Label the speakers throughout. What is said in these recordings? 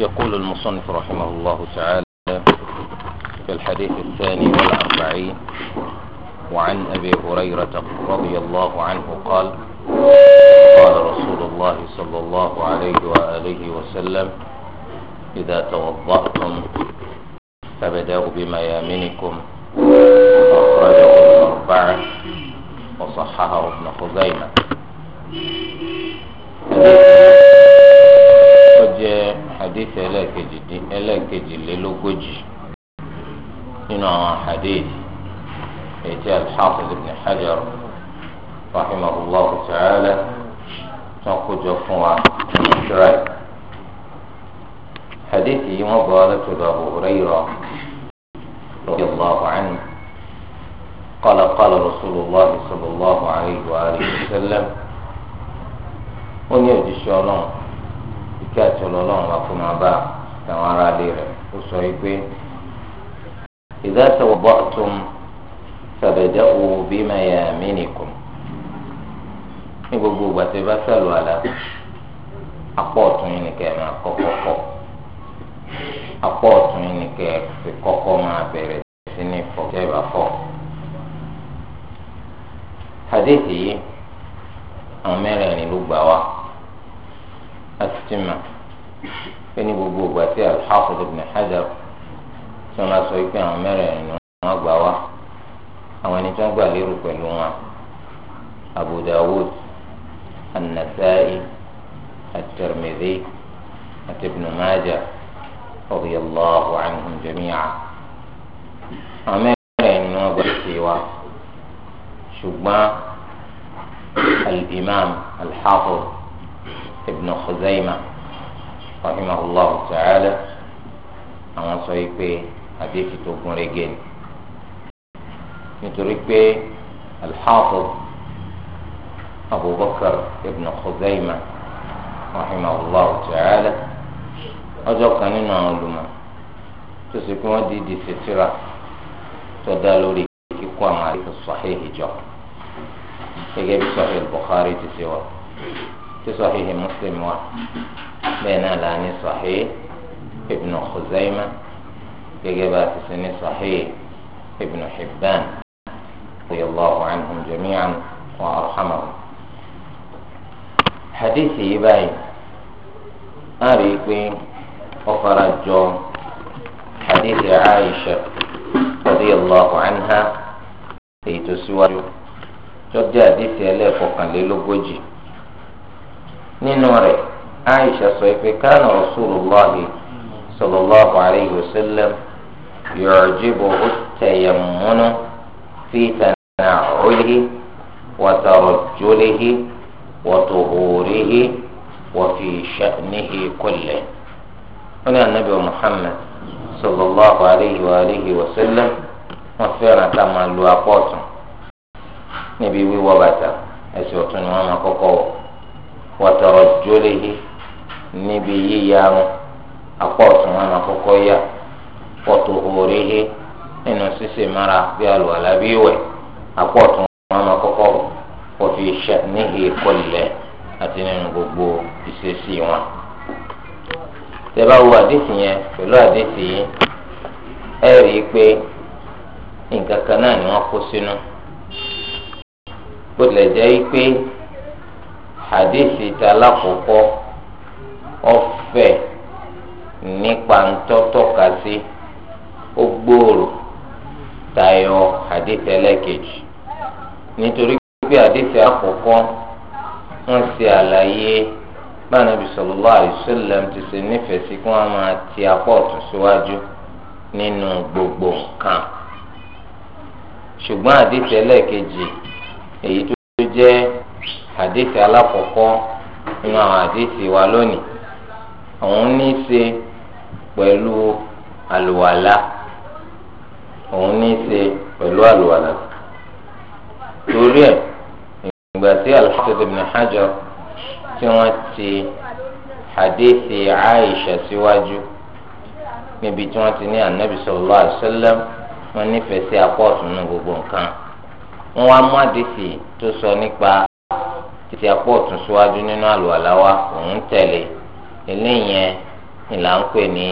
Speaker 1: يقول المصنف رحمه الله تعالى في الحديث الثاني والأربعين وعن أبي هريرة رضي الله عنه قال قال رسول الله صلى الله عليه وآله وسلم إذا توضأتم فبدأوا بميامنكم أخرجه الأربعة وصححه ابن خزيمة. hadith ẹlẹ́ẹ̀kejìlélógójì nínú àwọn hadith ètí al-Hafiz ibn Hajar rahimahullah ta'ala tí wọ́n kójọ fún wa ṣíráì hadith yìí wọ́n bọ̀ látọ̀dọ̀ Abu Hurairah radiyallahu anhu قال قال رسول الله صلى الله عليه وآله وسلم ونيوجي الشيطان kí àtúnlọ ololo bá fún máa bá àwọn ará ilé rẹ̀ ó sọ yìí pé idha tawadda'tum fabda'u bi mayaminikum ní gbogbo ìgbà bá sàlù àlá apọ̀ ọ̀tún yìí nìkẹ́ máa kọ́kọ́ apọ̀ ọ̀tún yìí nìkẹ́ fi kọ́kọ́ máa bẹ̀rẹ̀ sí السمع فني بوبو باتي الحافظ ابن حجر سما سويك عمر انه اغبوا او ان تنغوا ليرو بلوما ابو داوود النسائي الترمذي ابن ماجه رضي الله عنهم جميعا عمر انه اغبوا شبا الامام الحافظ ibn Khuzaimah rahimahullah ta'ala àwọn sọ yìí pé àdéhùn tó gún régé ni nítorí pé al-Hafiz Abubakar ibn Khuzaimah rahimahullah ta'ala ọjọ́ kan nínú àwọn olùmọ̀ tó sì pé wọ́n di di sètìrà tó dá lórí kíkó àwọn àdéhùn sahih jọ gẹ́gẹ́ bí sahih Bukhari ti ṣe wọ́n. في صحيح مسلم واحد بين الاني صحيح ابن خزيمة كجبات سن صحيح ابن حبان رضي الله عنهم جميعا وارحمهم حديثي باي أريكي وفرج حديث عائشة رضي الله عنها في تسوى جدي حديثي لفقا للوجي nínú rẹ̀ aisha sọ pé kánà rasulullahi sallallahu alayhi wa sallam yu'jibuhu tayammunu fi tana'ulihi wa tarajjulihi wa tuhurihi wa fi sha'nihi kullihi. wọn ní anabi muhammad sallallahu alayhi wa alihi wa sallam wọn fẹ́ràn ká máa lu apọ̀ níbi wíwọ̀ bàtà ẹsẹ̀ ọ̀tún ni wọ́n máa kọ́kọ́ wọ̀. wàtàrọ̀jọ́lẹ́hì níbi yíya wọn apá ọ̀tún wọn máa kọ́kọ́ yá wọ́tòhórẹ́hì nínú ṣíṣe mara bí alùwàlà bí ìwẹ̀ apá ọ̀tún wọn máa kọ́kọ́ wọ́fi níhì kọlẹ̀ àti nínú gbogbo ìṣesí wọn. yẹn pẹ̀lú yìí ẹ rí i pé nǹkan kan náà ni wọ́n hadithi ta lákòókò ọ̀fẹ́ nípa ntọ́tọ́ka sí ó gbòòrò tayọ hadithi ẹlẹ́kejì nítorí pé hadithi àkọ́kọ́ wọ́n ṣe àlàyé bánabi sallallahu alaihi wasallam ti ṣe nífẹ̀ẹ́ sí kí wọ́n máa ti apá ọ̀tún síwájú nínú gbogbo nǹkan ṣùgbọ́n hadithi ẹlẹ́kejì èyí tó jẹ́ hadith alákọ̀ọ́kọ́ nínú àwọn hadith wa lónìí òun ní í ṣe pẹ̀lú àlùwàlà òun ní í ṣe pẹ̀lú àlùwàlà torí ẹ̀ ìgbà tí al-Hafiz ibn Hajar tí wọ́n ti hadith Aisha síwájú níbi tí wọ́n ti ní anabi sallallahu alaihi wọ́n nífẹ̀ẹ́ sí apọ́ọ̀tù nínú gbogbo nǹkan wọ́n wá mú àdìsí tó sọ nípa títí apá ọ̀tún síwájú nínú àlùwàlá wa òun tẹ̀lé eléyẹn ni là ń pè ní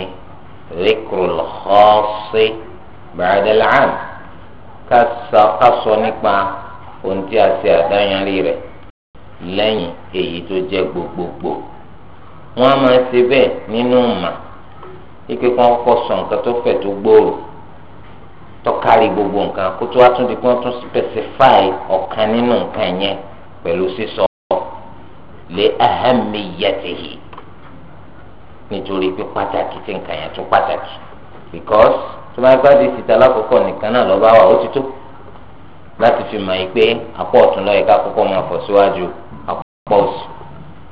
Speaker 1: dhikrul ka sọ nípa ohun tí a ṣe àdáyanrí rẹ̀ lẹ́yìn èyí tó jẹ́ gbogbogbò wọ́n á máa ṣe bẹ́ẹ̀ nínú ike kan kọ́ sọ nǹkan tó fẹ̀ gbogbo nǹkan kó tó wá tún di pé wọ́n pẹ̀lú sísọ lé ahamiyatihi nítorí pé pàtàkì tí nǹkan yẹn tún pàtàkì because tó bá gbádùn ìsìta lákòókò nìkan náà lọ́ba wà ó ti tó láti fi mọ̀ yìí pé apá ọ̀tún lọ́yẹ̀ ká kọ́kọ́ máa fọ̀ síwájú apá òsì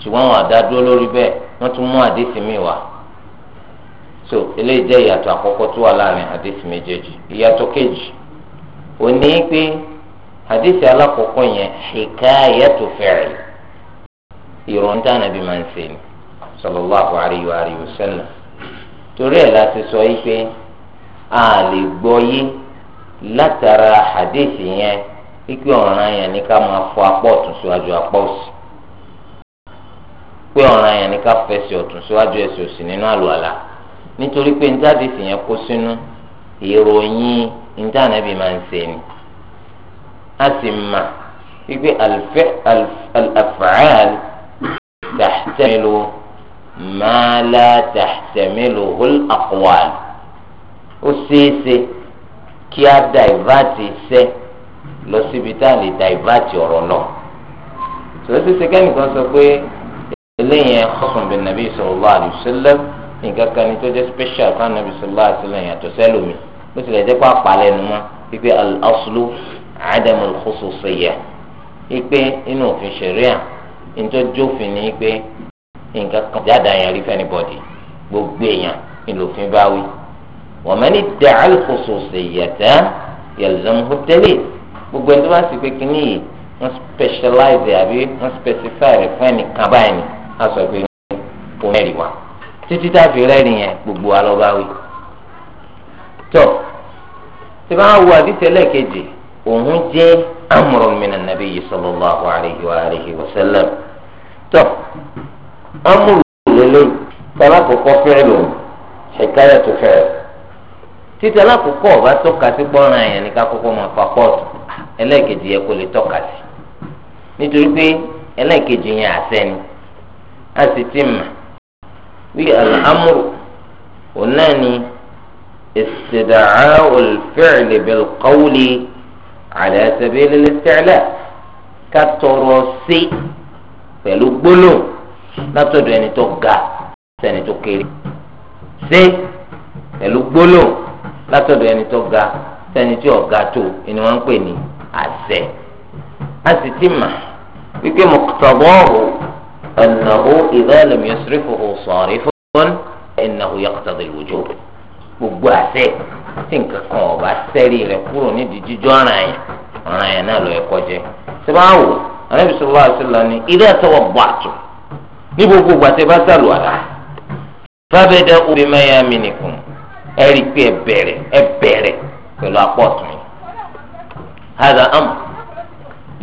Speaker 1: ṣùgbọ́n àwọn àdádúró lórí bẹ́ẹ̀ wọ́n tún mú àdéhìí mi wá so eléyìí jẹ́ ìyàtọ̀ àkọ́kọ́ tó wà láàrin àdéhìí méjèèjì ìyàtọ̀ kejì òní pé hadith alakoko yẹn hikayatu fi'l fere tá ànábì máa ń ṣe ni sallallahu alayhi wa wa sallam sọ yìí a lè gbọ́ yìí látara hadisi yẹn pípé ọ̀ràn yẹn ni ká máa fọ apá ọ̀tún síwájú apá òsì pé ọ̀ràn yẹn ni ká fẹsẹ̀ ọ̀tún síwájú ẹsẹ̀ òsì nínú àlùwàlà nítorí pé níta yẹn kó sínú ìròyìn níta a sì mà wípé al-af'al tahtamilu ma la tahtamiluhu al-aqwal ó ṣeéṣe kí a dàìváàtì iṣẹ́ lọ síbi tá a lè dàìváàtì ọ̀rọ̀ lọ. sọ̀rọ̀ ṣíṣe kẹ́nìkan sọ pé eléyìí ẹ̀ kọ́sùn bin nabi sallallahu alaihi wasallam nǹkan kan ní tó jẹ́ special fún anabi sallallahu alaihi wasallam yàtọ̀ sẹ́lómi bó tilẹ̀ jẹ́ pé àpàlẹ́ nu mọ́ wípé al-aslu àádẹ́mu lùkúsùsìyẹ ipe inú òfin ṣẹ̀ríà ntọ́jọ́fin ni pé nǹkan kan jáde àyàn rí fẹ́ni bọ̀dì gbogbo èèyàn ìlòfin bá wí. wọ́n mẹ́ni dẹ̀ àlùkúsùsìyẹ tẹ́ yẹlẹ́dẹ́mu tẹ́lẹ̀ gbogbo ẹni tó bá sì pé kínní yìí wọ́n specialize àbí wọ́n specify rẹ̀ fún ẹnìkan báyìí ni a sọ pé kò mẹ́rin wá títí tá a yẹn gbogbo wa lọ́ba wí. tọ́ tí bá wù àdìsẹ́lẹ̀ kejì òun jẹ́ amúrò mìíràn nàbí yìí sallallahu alayhi wa alihi wa sallam tó amúrò lélẹ̀ tọ́lá kọ̀kọ́ fẹ́ẹ̀lù ṣèkáyà tó fẹ́ẹ̀ títí alákòókò ọba tọ́ka sí gbọ́ràn àyàn ní kakókò máa fa pọ́ọ̀tù ẹlẹ́ẹ̀kejì yẹ kó lè tọ́ka sí nítorí pé ẹlẹ́ẹ̀kejì yẹn àsẹ́ni a sì ti mà wí al-amru òun náà ni istida'a'ul fi'li bil على سبيل الاستعلاء كثر سي tọrọ sí pẹ̀lú gbólóhùn látọ̀dọ̀ ẹni tó ga sẹ́ni tó kéré sí pẹ̀lú gbólóhùn látọ̀dọ̀ ẹni tó ga sẹ́ni tí ọ̀gá tó ẹni wọ́n ń pè ní àṣẹ. a sì ti mà wípé muqtadahu annahu idha lam yasrifuhu sarifun innahu yaqtadi al-wujub gbogbo àṣẹ tí nǹkan kan ọba sẹ́rí rẹ̀ kúrò nídìí jíjọ́ ọ̀ràn yẹn ọ̀ràn yẹn náà lọ ẹ̀kọ́ jẹ ṣé bá wò anábì sọlá ṣẹlẹ̀ ni ilé ẹ̀tọ́wọ̀ bọ̀ àtò ní gbogbo ìgbà tẹ́ bá sàlù àlá fábẹ́dẹ́ obì mẹ́yà mi nìkan ẹ rí i pé ẹ bẹ̀rẹ̀ ẹ bẹ̀rẹ̀ pẹ̀lú apọ̀ ọ̀tún yìí hàdà am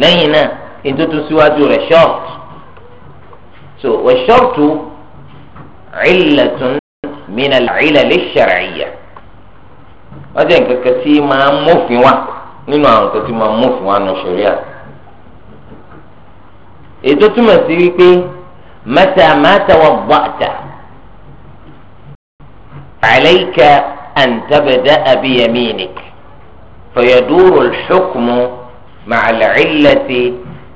Speaker 1: lẹ́yìn náà ètò tó síwájú rẹ̀ ṣọ́ọ̀tù so wẹ̀ ṣọ́ọ̀tù ìlẹ̀tún من العلل الشرعية wọ́n jẹ́ nǹkan kan tí máa ń mófin wá nínú àwọn nǹkan tí máa ń mófin wá nù ṣẹ̀ríà ètò túmọ̀ sí wípé mata mata wa bàtà alayka an tabda'a bi yaminik fayaduru al-hukmu ma'a al-'illati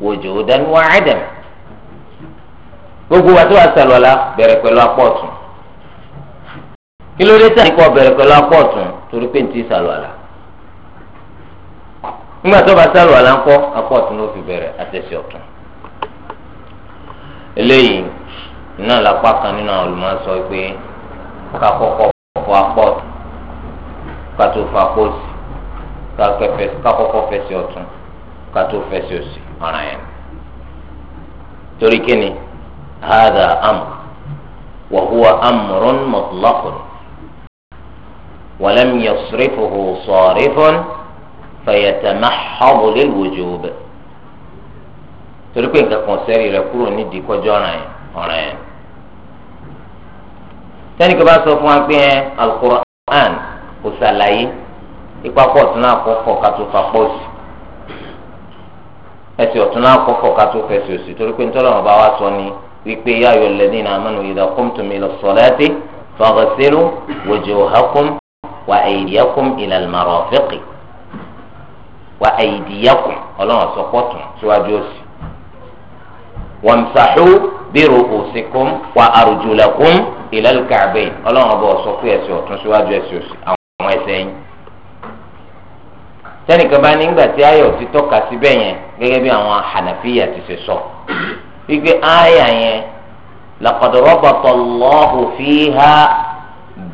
Speaker 1: wujudan wa 'adaman gbogbo wa tó wà sàlọ́lá bẹ̀rẹ̀ pẹ̀lú apọ̀ ọ̀tún kí ló dé tẹ̀ ní kó bẹ̀rẹ̀ pẹ̀lú apọ̀ torí pé ní ti sàlùwàlà nígbà tó bá ló fi bẹ̀rẹ̀ àtẹ̀sí ọ̀tún eléyìí iná lápá kan nínú àwọn olùmọ̀ sọ pé ká kọ́kọ́ fọ apọ̀ ká tó fọ apọ̀ ká kọ́kọ́ fẹsẹ̀ ọ̀tún ká tó fẹsẹ̀ òsì ولم يصرفه صارف فيتمحض للوجوب torí pé nǹkan kan sẹ́rí rẹ̀ kúrò nídìí كبار ọ̀ràn yẹn القرآن yẹn sẹ́ni kí bá sọ fún wa pé ẹ alukur'an kò ṣàlàyé ipa pọ̀ tún náà kọ́kọ́ ká tó fa òsì torí pé nítorí bá wa sọ ni wípé yáyọ̀ lẹ́dínà amánu idha qumtum ila salati faghsilu wujuhakum wa aydiyakum ila al-marafiqi wa aydiyakum ọlọ́run sọpọ́tún síwájú òsì wamsahu bi ru'usikum wa arjulakum ila al-ka'bayn ọlọ́run ọba ọ̀sọ́ fún ẹsẹ̀ ọ̀tún síwájú ẹsẹ̀ òsì àwọn ẹsẹ̀ yín sẹ́nìkan bá ní gbà tí ayọ̀ ti tọ́ka síbẹ̀ yẹn gẹ́gẹ́ bí àwọn hànàfíyà ti ṣe sọ wípé ayà yẹn laqad rabata Allahu fiha.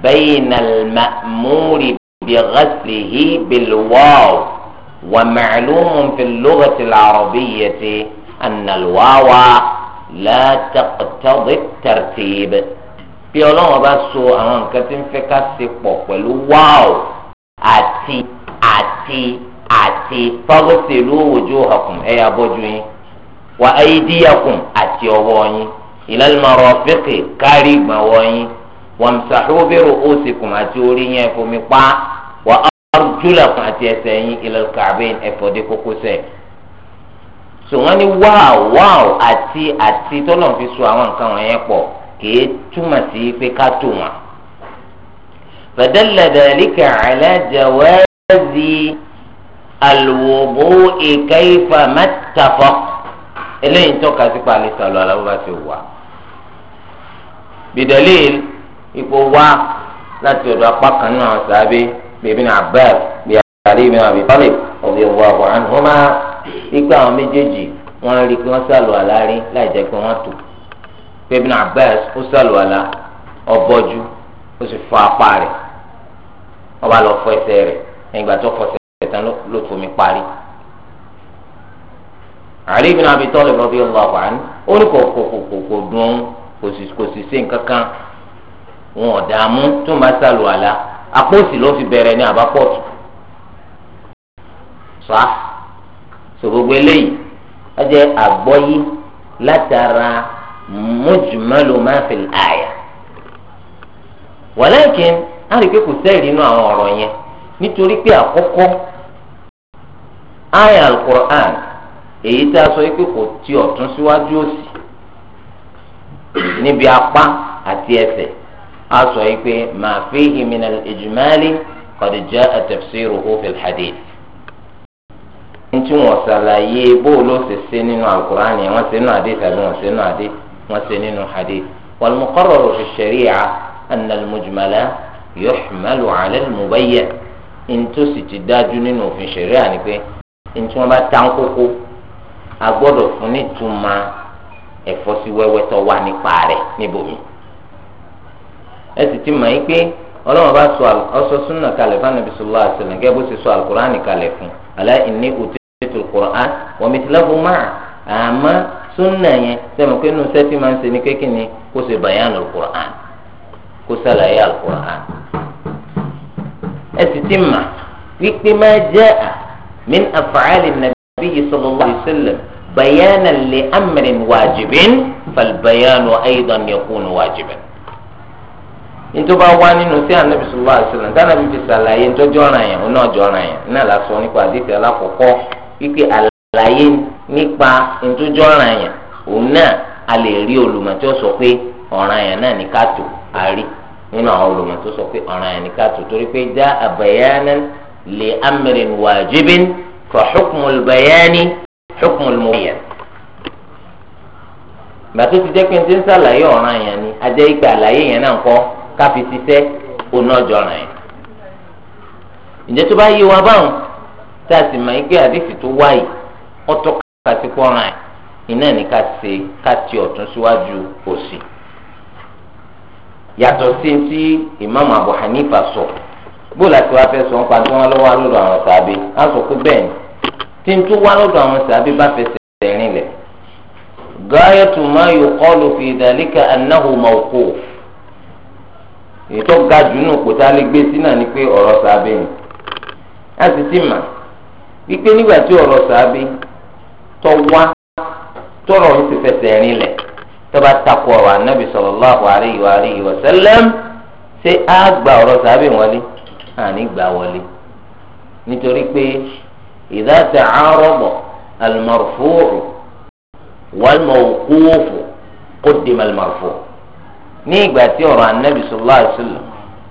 Speaker 1: بين المأمور بغسله بالواو ومعلوم في اللغة العربية أن الواو لا تقتضي الترتيب bí ọlọ́run bá so àwọn nǹkan tí ń fẹ́ ká ṣe pọ̀ pẹ̀lú wáò àti àti àti fagosèlú wujuhakum ẹ̀yà bọ́jú yín wa aydiyakum àti ọwọ́ yín ilal marafiqi kárí ìgbọ̀nwọ́ yín wamsahu bi ru'usikum àti orí yẹn fomi pa wà arjulakum àti ẹsẹ̀ yín ila al-ka'bayn ẹ̀fọ́dé kókósẹ̀ so wọ́n ní wáò wáò àti àti tọ́lọ̀ fi so àwọn nǹkan wọ̀nyẹn pọ̀ kìí túmọ̀ sí pé ká tó wọn. fadalla dhalika ala jawazi al-wudu'i kayfa mattafaq eléyìí tọ́ka sí pàlẹ́ sọ̀lọ́ aláwọ̀ bá ti wà. bidalil ipò wá láti ọ̀dọ̀ apá kan náà sàbẹ̀ bèbí ní Abbas bíi àlẹ́ ibn Abi Talib radiyallahu anhuma ikú àwọn méjèèjì wọ́n rí i pé wọ́n sàlù àlá rí láì jẹ́ pé wọ́n tò bèbí ní Abbas ó sàlù àlá ọbọ̀jú ó sì fọ apá rẹ̀ wọ́n bá lọ fọ ẹsẹ̀ rẹ̀ ẹ̀yìn ìgbà tó fọ ẹsẹ̀ ló fomi parí. Ali ibn Abi Talib radiyallahu anhu ó ní kò kò kò kò dùn kò sì wọn ò dààmú tó máa sàlù àlá apó òsì ló fi bẹ̀rẹ̀ ní àbápọ̀tù fa so gbogbo eléyìí ó jẹ́ àgbọ́yé látara mujmalu ma fil aya walakin á rí i pé kò sẹ́ẹ̀rì inú àwọn ọ̀rọ̀ yẹn nítorí pé àkọ́kọ́ aya al èyí tá a sọ pé kò ti ọ̀tún síwájú òsì níbi apá àti ẹsẹ̀ a sọ yìí pé ma fihi min al-ijmali qad jaa tafsiruhu fil hadith. ntí wọn ṣàlàyé bóòlù ṣe ṣe nínú alukur'an yẹn wọn ṣe nínú hadith tàbí wọn ṣe nínú hadith wọn ṣe nínú hadith. والمقرر في الشريعة أن المجمل يحمل على المبين ntó sì ti dájú nínú òfin ṣẹ̀ríà ni pé ntí wọ́n bá ta ń kókó a gbọ́dọ̀ fún nítumọ̀ ẹ̀fọ́ sí wẹ́wẹ́ tó wà nípa rẹ̀ níbòmí ẹ sì ti mọ̀ yín pé ọlọ́run bá sọ ọsọ súnà kalẹ̀ fún anabi sọlá àṣẹlẹ̀ gẹ́gẹ́ bó ṣe sọ alukur'an kalẹ̀ fún alẹ́ ìní òtí ètò alukur'an wọ́n mi ti lọ́bù máa àmọ́ súnà yẹn sẹ́mi pé inú sẹ́tì máa ń ṣe ní kékeré kó ṣe bàyàn alukur'an kó ṣàlàyé alukur'an ẹ sì ti mọ̀ wípé máa jẹ́ à min afaali nabi sallallahu alayhi wa sallam bayanan li amrin wajibin fal bayanu aydan yakunu nítorí bá wá nínú sí anabi sọlá àṣìlẹ tí anabi fi ṣàlàyé ntọ́jú ọ̀ràn yẹn ọ̀nà ọ̀jọ̀ ọ̀ràn yẹn náà la sọ nípa àdìsí alákọ̀ọ́kọ́ wípé àlàyé nípa ntọ́jú ọ̀ràn yẹn òun náà a lè rí olùmọ̀tò sọ pé ọ̀ràn yẹn náà ní káàtó àárí nínú àwọn olùmọ̀tò sọ pé ọ̀ràn yẹn ní káàtó torí pé já àbẹ̀yánná lè amrin wàjibin fa hukmul bayani hukmul mubayyan gbàtó ti jẹ́ pé n ti ń ṣàlàyé ọ̀ràn yẹn ni ajẹ́ ìgbà àlàyé yẹn náà kọ́ káfi ṣiṣẹ́ onájọra yẹn. ǹjẹ́ tó bá yí wa báwọn tá a sì mọ̀ ike àdìsí tó wáyé ọ̀tọ̀ kàtí kọ́ra ẹ̀ iná ní ká ṣe ká ti ọ̀tún síwájú òsì. yàtọ̀ sí ti ìmáàmù Abu Hanifa sọ bóòlù àti wàá fẹ́ sọ ń pa tí wọ́n lọ́wọ́ lọ́dọ̀ àwọn sàbí á sọ pé bẹ́ẹ̀ ni tí n tún wá lọ́dọ̀ àwọn sàbí bá fẹsẹ̀ rìn lẹ̀. gáyẹ̀tù máa yọ kọ́ọ̀lù fi ìdálẹ́kẹ̀ anáhùn mọ̀ọ́kọ́ èyí tó ga jù nù kò tá a lè gbé sí náà ni pé ọ̀rọ̀ sàábé ni a sì ti mà wípé nígbà tí ọ̀rọ̀ sàábé tó wá tọrọ ń ti fẹsẹ̀ rin lẹ̀ tó bá takò ọ̀rọ̀ anábì sallallahu alaihi wa alihi wa sallam ṣé á gba ọ̀rọ̀ sàábé wọlé àní gbà wọlé nítorí pé idha ta'arada al-marfu' wal-mawquf quddima al ní ìgbà tí ọ̀rọ̀ anabi sallallahu alaihi wasallam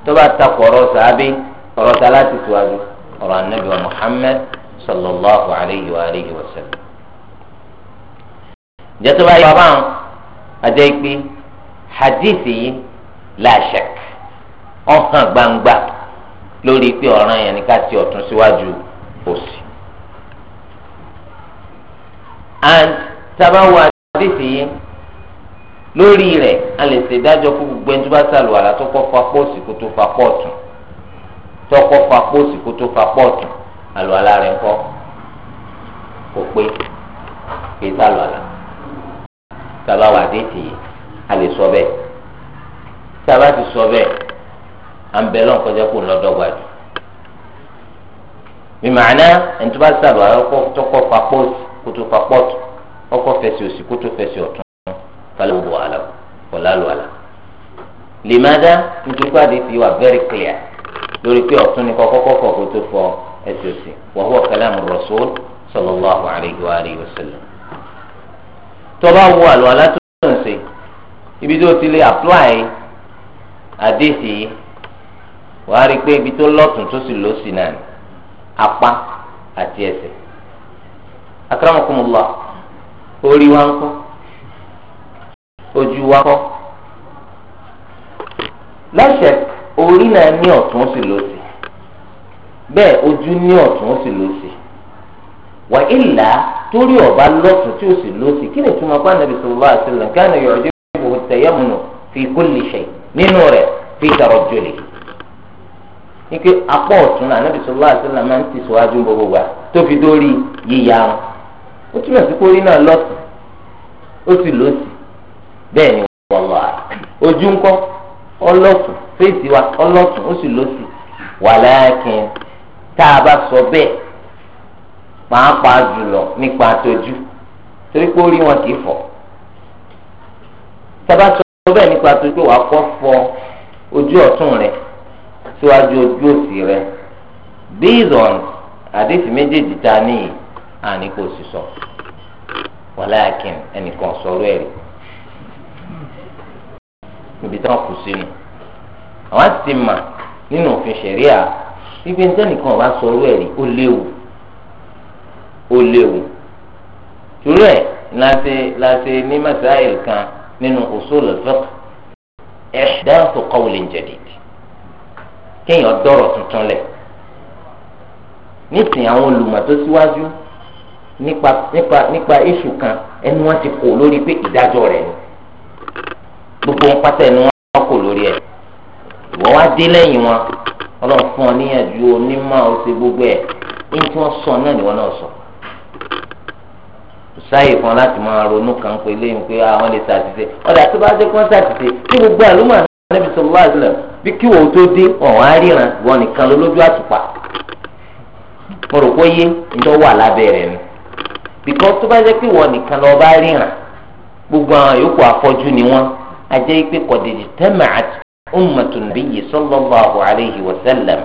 Speaker 1: tó bá takò ọ̀rọ̀ sàábí ọ̀rọ̀ ta láti tiwájú ọ̀rọ̀ anabi wa muhammed sallallahu alayhi wa alayhi wa sallam. jẹ́ tó bá yọ báwọn ajẹ́ pé hadith yìí la shak ọ̀hàn gbangba lórí pé ọ̀ràn yẹn ni ká ti ọ̀tún síwájú òsì. and tábà wọ yìí lórí rẹ̀ a lè ṣe dájọ́ fún gbogbo ẹni tó bá sàlù àlà tó kọ́ fa pọ́ọ̀sì kó tó fa pọ́ọ̀tù tó kọ́ fa pọ́ọ̀sì kó tó fa pọ́ọ̀tù àlù àlà rẹ̀ ńkọ́ kò pé kì í sàlù àlà tàbá wà dé tì í a lè sọ bẹ́ẹ̀ tàbá ti sọ bẹ́ẹ̀ à ń bẹ lọ́n kọjá kó lọ́dọ́gba jù mímàánà ẹni tó bá sàlù àlà tó kọ́ fa pọ́ọ̀sì kó tó fa pọ́ọ̀tù ọkọ̀ fẹsẹ̀ òsì kó tó fẹsẹ̀ ọ̀tù fàlẹ́ òwò àlọ́ kọ̀lá lọ àlọ́ lèmádá nítorí àdé ti wà very clear lórí pé ọ̀tún ni kọ́kọ́kọ́kọ́ kó tó fọ ẹsẹ̀ sí wa huwa kalamu rasul sallallahu alayhi wa alihi wa sallam tọ́ba wo àlọ́ alátó ń ṣe ibi tó ti lè apply àdé wàá rí i pé ibi tó lọ́tún tó sì lọ́sì náà apá àti ẹsẹ̀ akramakumullah orí wa ń kọ́ ojú wa kọ́ lọ́sẹ̀ orí náà ní ọ̀tún sì lósì bẹ́ẹ̀ ojú ní ọ̀tún sì lósì wà ìlà torí ọba lọ́tún tí ó sì lósì kí ni túmọ̀ pa nàbì sallallahu alaihi wasallam kana yu'jibuhu at-tayammunu fi kulli shay nínú rẹ̀ fi tarajjuli ike apá ọ̀tún náà nàbì sallallahu alaihi wasallam máa ń tẹ̀síwájú gbogbo wa tó fi dórí yíya wọn ó túmọ̀ sí pé orí náà lọ́tún ó sì lósì bẹ́ẹ̀ ni wọ́lọ́ à ojú ńkọ́ ọlọ́tún fèsì wa ọlọ́tún ó sì lọ́sì wàlákin tá a bá sọ bẹ́ẹ̀ pàápàá jùlọ nípa àtọ́jú torí pé ó rí wọn kì í fọ́ tá sọ bẹ́ẹ̀ based on àdéhùn méjèèjì tá a níyì àní kò sì ẹnìkan ibi tí wọ́n kù sínú àwọn ti mà nínú òfin ṣẹ̀ríà wípé nítẹ́nìkan ọba sọ orú ẹ̀ rí ó léwu ó léwu torí ẹ̀ láti láti ní masáìl kan nínú usul al-fiqh ihdathu qawlin jadid kéèyàn dọ̀rọ̀ tuntun lẹ̀ nísìnyí àwọn olùmọ̀ tó síwájú nípa nípa nípa iṣu kan ẹni wọ́n ti kò lórí pé ìdájọ́ rẹ̀ ni gbogbo wọn pátá ni wọn kò lórí ẹ ìwọ wá dé wọn fún ọ níyànjú ọsẹ gbogbo ẹ ní tí wọn sọ náà ni wọn náà sọ sáyè kan láti máa ronú kan pé pé àwọn ah, lè ṣàtìṣe ọ̀dà tó bá dé gbogbo àlùmọ̀ ànábì sọ̀rọ̀ àìsàn bí kí wọ́n tó dé ọ̀hún àríran wọn nìkan lójú àtùpà mo rò pé yé ńlọ wà lábẹ́ rẹ̀ ni bìkọ́ tó bá jẹ́ pé nìkan lọ́ọ́ bá gbogbo àwọn yòókù ni ajẹ́ ikpe kọ̀dìdì tẹ́màcàt ummatu nabiyyi sallallahu alayhi wa sallam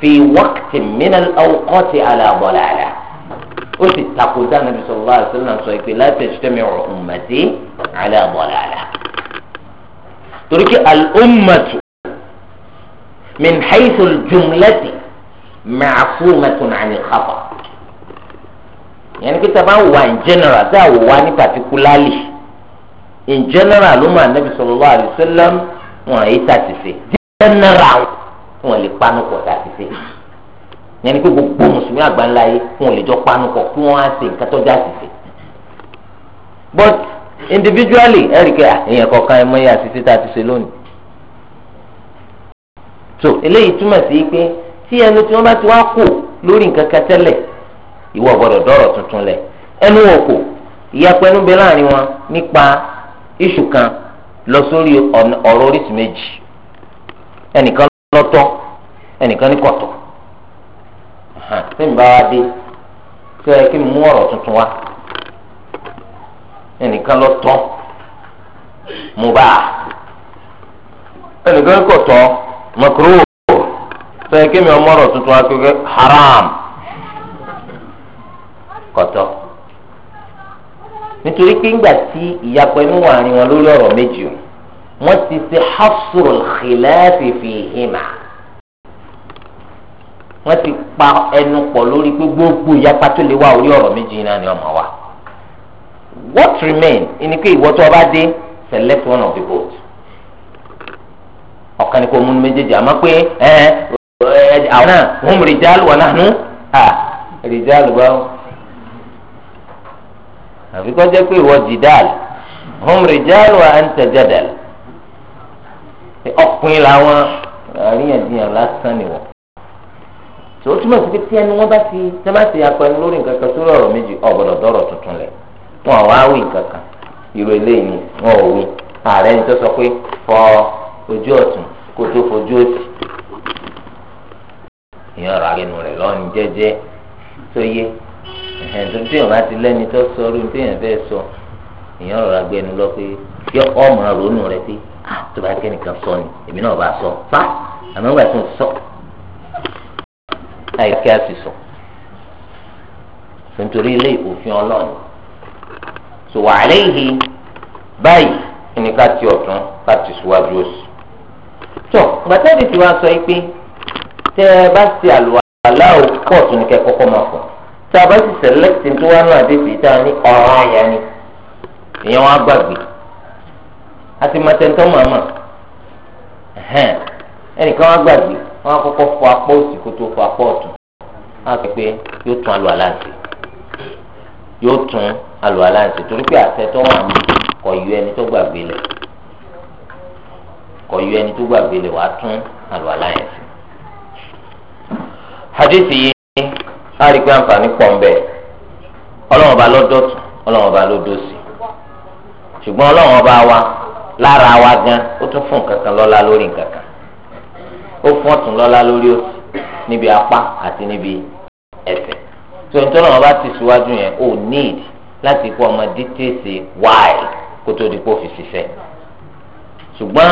Speaker 1: fi waqti minal awqati ala dalala ó sì takò dáa nàbí sallallahu alayhi wa sallam sọ ikpe la tajtami'u ummati ala dalala torí kí al ummatu min haythu al jumlati ma'sumatun 'an al khata yẹn ni kí sábà wà in general sáà wà ní particularly. in general ló máa nẹ́bi sallallahu alaihi wasallam wọn àyè tá a ti ṣe general wọn lè panu pọ̀ tá a ti ṣe yẹn ni pé gbogbo mùsùlùmí àgbáńlá yìí wọn lè jọ panu pọ̀ kí wọ́n á ṣe nǹkan tó dá ti ṣe but individually ẹ̀ríkẹ́ èèyàn kọ̀ọ̀kan ẹ̀mọ́ yẹn àti títà ti ṣe lónìí so eléyìí túmọ̀ sí pé tí ẹnu tí wọ́n bá ti wá kù lórí nǹkan kan tẹ́lẹ̀ ìwọ gbọ́dọ̀ dọ́rọ̀ tuntun lẹ̀ ẹnu wọn kò ìyapẹ́nu bẹ láàrin wọn nípa iṣu kan lọ sórí ọ̀rọ̀ oríṣi méjì ẹnìkan lọ́tọ̀ ẹnìkan ní kọ̀tọ̀ sẹ́yìn bá wá dé tí ó kí n mú ọ̀rọ̀ tuntun wá ẹnìkan lọ́tọ̀ mo bá ẹnìkan ní kọ̀tọ̀ mọ̀kúrò haram kọ̀tọ̀. nítorí pé ńgbà tí ìyapọ̀ inú wà ní wọn lórí ọ̀rọ̀ méjì o wọ́n ti ṣe hafsurul khilafi fihima wọ́n ti pa ẹnu pọ̀ lórí pé gbogbo ìyapa tó lè wá orí ọ̀rọ̀ méjì náà ni ọmọ wa what remain ni pé ìwọ tó o bá dé select one of the both ọ̀kan ni kò mú méjèèjì àmọ́ pé àwọn náà hum rijal wa nahnu ah rijal báwo àfi kọ́ jẹ́ pé ìwọ jìdáàl hum rijal wa anta jadal ọkùnrin làwọn àríyànjiyàn lásán nìwọ tó túmọ̀ sí pé tí ẹni wọ́n bá ti tẹ́ bá ti apẹnu lórí nǹkan kan sórí ọ̀rọ̀ méjì ọ̀gbọ̀dọ̀ dọ̀rọ̀ tuntun lẹ̀ wọn àwọn awì nǹkan kan irú eléyìí wọn ò wí ààrẹ ni tó sọ pé fọ ojú ọ̀tún kó tó fojú òsì ìyẹn ọ̀rọ̀ rẹ̀ lọ́ọ́ ẹ̀ẹ́dùn tí èèyàn bá ti lẹ́ni tó sọ orí ní téèyàn fẹ́ sọ èèyàn rọra gbẹnu lọ pé yọ ọmọ ronú rẹ pé ah tó bá kẹ́nìkan sọ ni èmi náà bá sọ fa àmọ́ ìgbà tó ń sọ àìkẹ́ àti sọ nítorí ilé òfin ọlọ́run sọ wà léyìí báyìí ní ká ti ọ̀tún ká ti síwájú oṣù tó gbàtẹ́ẹ̀dì tí wàá sọ yìí pé tẹ́ ẹ bá ti àlùwàlá ò pọ̀ ní kẹ́ kọ́kọ́ máa fọ̀ tá a bá ti sẹlẹ̀tì tó wá náà débi tá a ní ọ̀rọ̀ àyà ni èèyàn wá gbàgbé àti mọ̀tẹ́ntọ́ màmá ẹnìkan wá gbàgbé wọn á kọ́kọ́ fọ apá òsì kó tó fọ apá ọ̀tún wọn á sọ pé yóò tún alọ́ aláǹtì yóò tún alọ́ aláǹtì torí pé àṣẹ tó wà ní kọ̀ yọ ẹni tó gbàgbé lẹ̀ kọ̀ yọ ẹni tó gbàgbé lẹ̀ wàá tún alọ́ aláǹtì. hadith á rí i pé àǹfààní pọ̀ ń bẹ̀ ọlọ́run ọba lọ́dọ̀tún ọlọ́run ọba lọ́dọ̀sì ṣùgbọ́n ọlọ́run ọba wa lára wa gan ó tún fún nǹkan kan lọ́lá lórí nǹkan kan ó fún ọ̀tún lọ́lá lórí òsì níbi apá àti níbi ẹsẹ̀ tó ní tọ́lọ́ wọn ti síwájú yẹn ó need láti kó ọmọ dítèsè wáì kó tó di kó fi ṣiṣẹ́ ṣùgbọ́n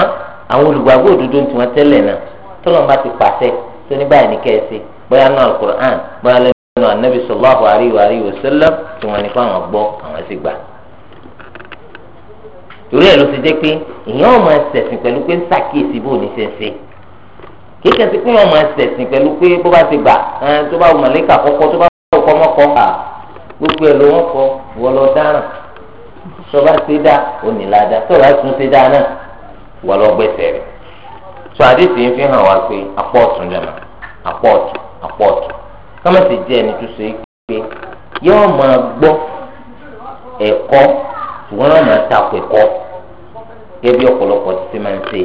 Speaker 1: àwọn olùgbàgbọ́ òdodo tí wọ́n tẹ́lẹ̀ náà tọ́lọ́ wọn bá ti pàṣẹ tó nínú anabi sallallahu alayhi wa alayhi wa sallam tí wọn ní kó àwọn gbọ́ àwọn sì gbà. torí ẹ̀ ló ti jẹ́ pé ìyẹn ọmọ ẹsẹ̀sìn pẹ̀lú pé ń ṣàkíyèsí bó ní sẹ́sẹ̀ kíkẹ́ sí pé ọmọ ẹsẹ̀sìn pẹ̀lú pé bó bá ti gbà tó bá wù màlẹ́kà kọ́kọ́ tó bá wù kọ́mọ́kọ́ gbogbo ẹ̀ ló wọ́n kọ wọ́n lọ dáràn tó bá ṣe dá onílàdá tó bá tún ṣe dá náà wọ́n lọ gbẹ̀sẹ̀ rẹ̀ tó àdéhùn fi hàn wá pé apọ́ọ̀tún jẹ̀mọ́ apọ́ọ̀tún kọ́mọ̀ sì jẹ́ ẹni tó so é pé yóò máa gbọ́ ẹ̀kọ́ ṣùgbọ́n yóò máa takò ẹ̀kọ́ gẹ́gẹ́ bí ọ̀pọ̀lọpọ̀ ti ti máa ń ṣe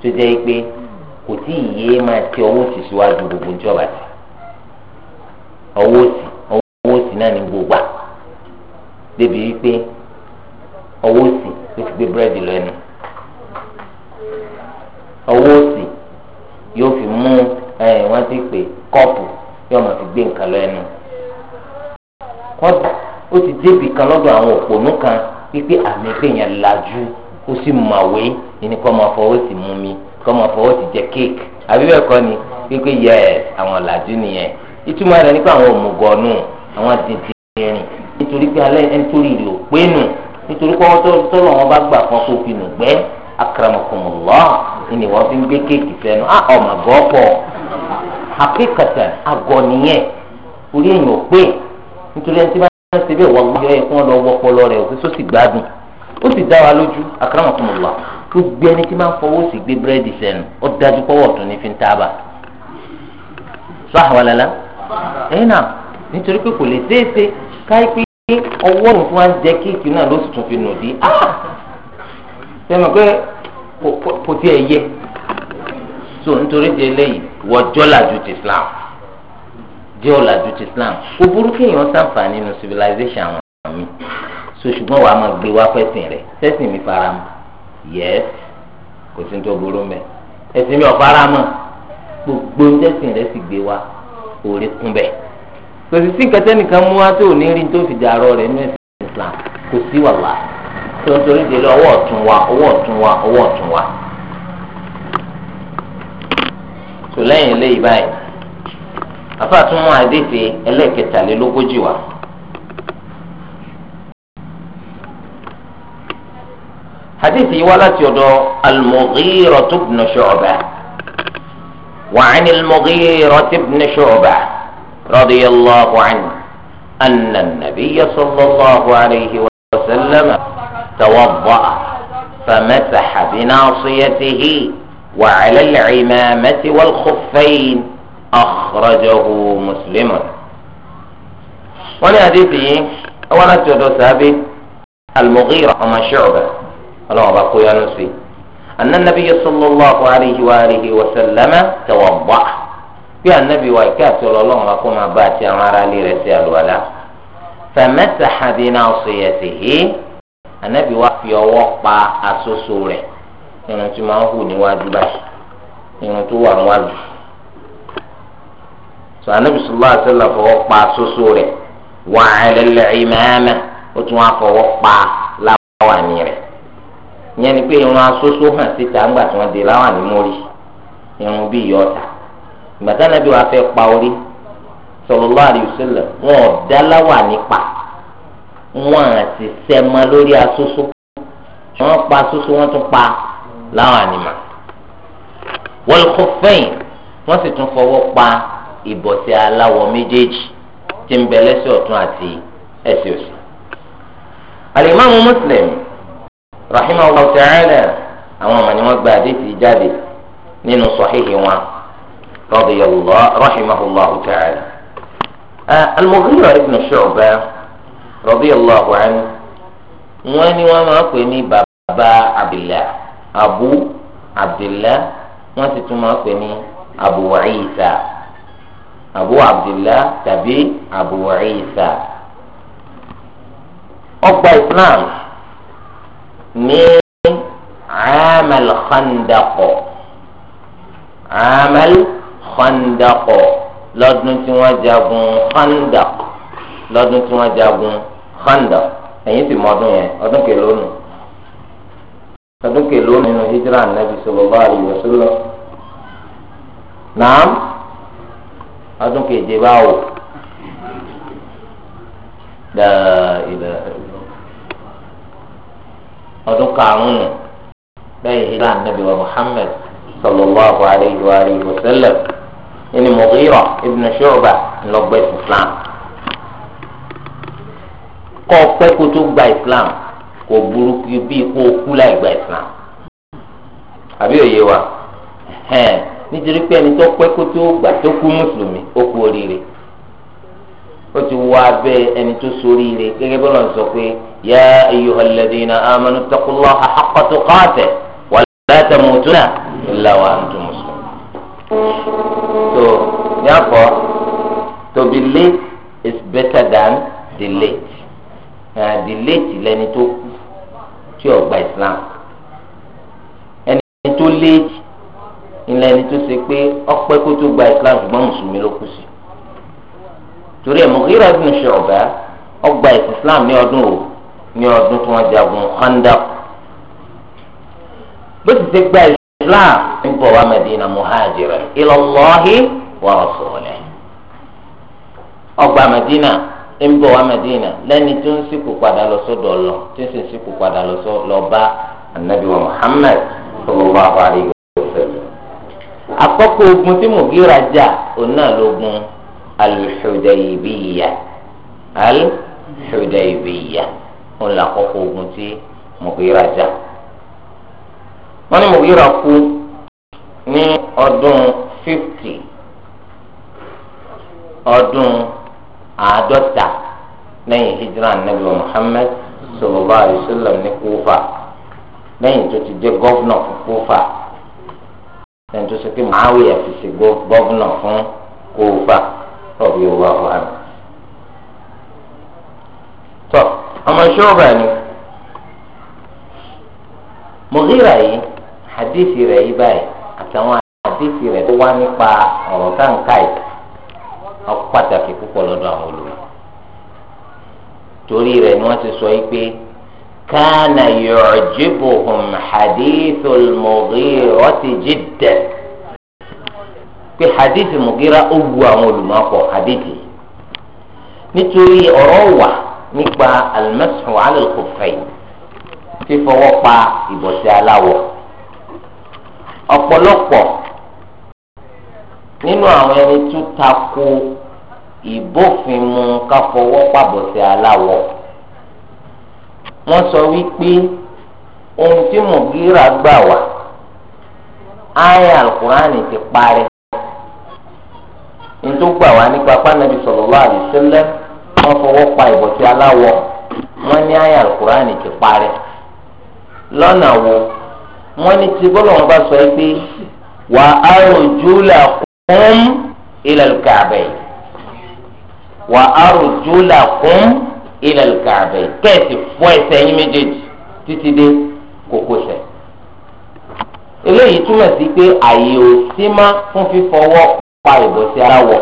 Speaker 1: tó jẹ́ pé kò tí ì yé máa ti ọwọ́ òsì síwájú gbogbo ìjọba ti ọwọ́ òsì ọwọ́ òsì náà ní gbogbo à débi wípé ọwọ́ òsì ló fi gbé búrẹ́dì lọ ẹnu ọwọ́ òsì yóò fi mú ẹ̀ wọ́n ti pè kọ́ọ̀pù yóò máa fi gbé nǹkan lọ ẹnu kọ́dà ó ti débi kan lọ́dọ̀ àwọn òpònú kan pípé àmì ìgbéyàn lajú ó sì màwé ẹni kọ́ máa fọwọ́ sí mú mi kọ́ máa fọwọ́ sí jẹ kéèkì àbí kọ́ ni pípé yẹ àwọn làjú nìyẹn ìtumọ̀ rẹ̀ nípa àwọn òmùgọ̀nù àwọn dìde nítorí pé alẹ́ ẹni tó rí ìlò pé nù nítorí pé wọ́n tọ́lọ̀ wọn bá gbà kan tó fi nù gbẹ́ ni wọ́n fi ń gbé kéèkì ah, ọmọ hakikatan agọniyẹ orí èèyàn ò pé nítorí ẹni tí bá ń ṣe bẹ́ẹ̀ wọ́n lọ́yẹ rẹ̀ òfin gbádùn ó sì dá wa lójú gbogbo ẹni tí máa ń fọwọ́ sí gbé búrẹ́dì sẹ́nu ó dájú pọ́wọ́ ní fi ń tábà sọ náà nítorí pé kò lè pé ọwọ́ òun fún wa ń jẹ kéèkì náà ló ah! so nítorí di eléyìí wọ́jọ́ làjú ti Islam jẹ́ ọ̀làjú ti Islam kò burú kéèyàn sàǹfààní nínú civilization àwọn àmì so ṣùgbọ́n wàá máa gbé wá fẹ́sìn rẹ̀ fẹ́sìn mi fara mọ́ yẹ́s kò sí ní tó burú mẹ́ ẹ̀sìn mi ò fara mọ́ gbogbo fẹ́sìn rẹ̀ sì gbé wá òòrè kún bẹ́ẹ̀ kò sì sí kẹtẹ́ mú wá tó ní rí tó fi dàrọ́ rẹ̀ nínú ẹ̀sìn Islam kò sí wàhálà tó ń torí di ọwọ́ ọ̀tún wa ọwọ́ ọ̀tún wa ọwọ́ ọ̀tún wa. tó lẹ́yìn eléyìí báyìí afa tún mú wá. حديثي ولا يدو المغيرة بن شعبة وعن المغيرة بن شعبة رضي الله عنه أن النبي صلى الله عليه وسلم توضأ فمسح بناصيته وعلى العمامة والخفين أخرجه مسلم وني حديثي أولا تدو المغيرة أما شعبة الله أبقى ينسي أن النبي صلى الله عليه وآله وسلم توضأ في النبي وإكاس الله أقوم باتي أمارا لرسي الولا فمسح بناصيته النبي وفي وقع أسسوره irun tí máa ń hù níwájú báyìí irun tó wà níwájú sọ anabi sọlá àtẹlẹ fọwọ́ pa soso rẹ̀ wà á lẹ́lẹ́ ìmẹ́ẹ́mẹ́ ó tún wá fọwọ́ pa láwàní rẹ̀ ìyẹn ni pé irun asoso hàn síta ńgbà tí wọ́n dé láwàní mórí irun bí ìyọ́ta ìgbà tí anabi wàá fẹ́ pa orí sọlọ́lá àdìsílẹ̀ wọn ò dá láwàní pa wọn àti sẹ́mọ lórí asoso wọn pa soso wọn tún pa láwọn ànìmọ̀ wal khuffayn wọ́n sì tún fọwọ́ pa ìbọ̀sẹ̀ aláwọ̀ méjèèjì tí ń bẹ lẹ́sẹ̀ àti òsì. alimami muslim rahimahullahu ta'ala àwọn ọmọ ni wọ́n gba àdéhìí jáde nínú wọn radiyallahu rahimahullahu ta'ala. Ah, al-Mughira ibn Shu'ba radiyallahu anhu wọ́n ní wọn máa pè ní baba Abdillah. abu abdillah wọ́n sì tún máa pè ní abu isa abu abdillah tàbí abu isa ọgbà islam ní amal khandaqo amal khandaqo lọ́dún tí wọ́n jagun khandaq lọ́dún tí wọ́n jagun khandaq ẹ̀yin sì mọ yẹn ọdún kẹlẹ́ ònù ọdún kẹló nínú hijira anabi sallallahu alaihi wasallam naam ọdún keje báwo dáa ilẹ̀ ọdún karùnún lẹ́yìn hijira anabi wa muhammed sallallahu alaihi wa alihi wasallam ẹni Mughira ibn Shu'ba ńlọgbẹ islam kọ pẹ gba islam kò burú bíi kó o kú láì gba ìsìlám àbí òye wa nítorí pé ẹni tó pẹ́ kó tó gbà tó kú mùsùlùmí ó kú oríire ó ti wọ abẹ́ ẹni tó ṣoríire gẹ́gẹ́ bọ́lá ń sọ pé yá ayyuhal ladina amanu taqullaha haqqa tuqatihi wa la tamutunna illa wa antum muslimun. so therefore to be late is better than delay uh, delay lẹni tó kú tí ọgbà islam ẹni tó léèjì ilẹ̀ ẹni tó ṣe pé ọpẹ́ kó tó gba islam ṣùgbọ́n mùsùlùmí ló kù sí torí ẹ̀ ọgbà islam ní ọdún o ní ọdún tí wọ́n jagun Khandaq bó ti ṣe gba islam ń bọ̀ wá Madina muhajira ilallahi wa rasulihi ọgbà ń bọ̀ wá Madina lẹ́ni tó ń sìnkú padà lọ sọ́dọ̀ lọ tó ń sìnkú padà lọ sọ́ lọ bá anabi wa Muhammad sallallahu alaihi wasallam. àkọ́kọ́ ogun tí Mugira jà òun náà lógun al-Hudaybiyah al-Hudaybiyah òun là kọ́kọ́ ogun tí Mugira jà. wọ́n ní Mugira kú ní ọdún fifty ọdún àádọ́ta lẹ́yìn hijira nabi muhammed sallallahu alayhi wa sallam ní kúfà lẹ́yìn tó ti dé gọ́vnà fún kúfà lẹ́yìn tó sọ pé Muawiya fi ṣe gọ́vnà fún kúfà rọ̀bì ọba ọ̀hán. tọ́ ọmọ ṣọ́ọ̀bà ni Mughira yìí hadithi rẹ̀ yìí báyìí àtàwọn hadithi rẹ̀ tó wá nípa ọ̀rọ̀ táǹkà yìí àwọn pàtàkì púpọ̀ lọ́dọ̀ àwọn olùmọ̀ torí rẹ̀ ni wọ́n ti sọ yìí pé kánà yu'jibuhum hadithul Mughira jiddan pé hadithi Mughira ó wu àwọn olùmọ̀ pọ̀ hadithi nítorí ọ̀rọ̀ wà nípa al-mashu fífọwọ́ pa ìbọ̀sẹ̀ aláwọ̀ ọ̀pọ̀lọpọ̀. nínú àwọn ẹni tó tako ìbófinmu káfọwọ́ pàbọ̀sẹ̀ aláwọ̀ wọ́n sọ wípé ohun tí mùgírà gbà wá ayé alukurani ti parí nítorí gbà wá nípa pánàbí sọ̀rọ̀ alaihi wasallam wọ́n fọwọ́ pa ìbọ̀sẹ̀ aláwọ̀ wọ́n ní ayé alukurani ti parí lọ́nà wo wọ́n ní tí bọ́lá wọn bá sọ yìí pé wà á rò júlà kú kum إلى kaabe wa arujula kum ilal kaabe kẹsì fọ ẹsẹ̀ yín méjèèjì títí dé kókósẹ̀ eléyìí túmọ̀ sí pé àyè ò sí má fún fífọwọ́ pa ìbọ̀sẹ̀ ara wọ̀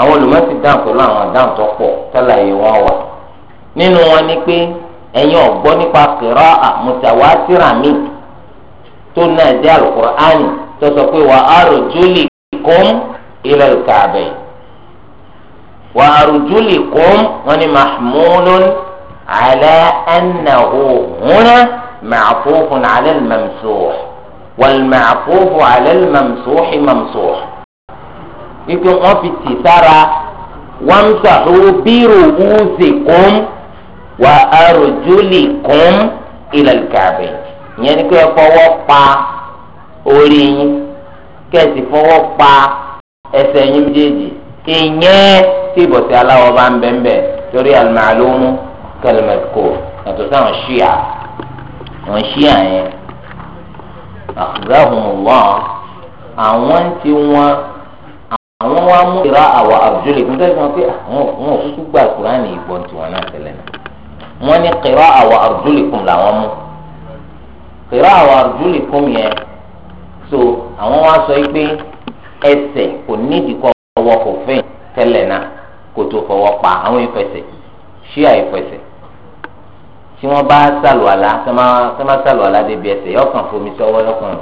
Speaker 1: àwọn olùmọ̀sí dáhùn pẹ̀lú àwọn dáhùn tó pọ̀ tálàyé wọn wà nínú wọn ni pé ẹ̀yin ọ̀gbọ́n nípa kìrọ́ àmùtàwá síra mi tó náà jẹ́ àlùkùránì tọ́sọ̀ pé wà á rojúlì kún ilẹ̀ kàbẹ̀ wà á rojúlì kún wọn ni mahmulun ala annahu huna ma'fufun ala al-mamsuh wal ma'fufu ala al wípé wọ́n fi tì sára wọ́n sàrò bírò wúzi kún wà á rojúlì kún ilẹ̀ kàbẹ̀ yẹn ni pé ẹ fọwọ́ pa orí yín kẹ́sì fọwọ́ pa ẹsẹ̀ yín méjèèjì ìyẹn tí ìbọ̀sẹ̀ aláwọ̀ bá ń bẹ́ẹ̀ bẹ́ẹ̀ torí àlùmàlùmù kẹlẹmẹkọ yàtọ̀ sáwọn ṣíà wọn ṣíà yẹn àkùdáhùnmọ́ àwọn tí wọ́n àwọn wa mú ìra àwọ̀ àbùjọ́lẹ̀ tó ń tẹ́sí wọn pé àwọn ah, ò kúkú gba kúránì ìbọn tiwọn náà tẹ́lẹ̀ náà wọ́n ní kẹ̀rọ àwọ̀ àbùjọ́lẹ̀ kùn làwọn mú kẹ̀rọ àwọ̀ àbùjọ́lẹ̀ kùn yẹn so àwọn wá sọ pé ẹsẹ̀ kò nídìí kọ́ ọwọ́ kò fẹ́ẹ̀ tẹ́lẹ̀ náà kò tó fọwọ́ pa àwọn ìfẹsẹ̀ ṣí àìfẹsẹ̀ tí wọ́n bá sàlùwàlá tí wọ́n sàlùwàlá débi ẹsẹ̀ yọkàn fomi sọ́wọ́ yọkàn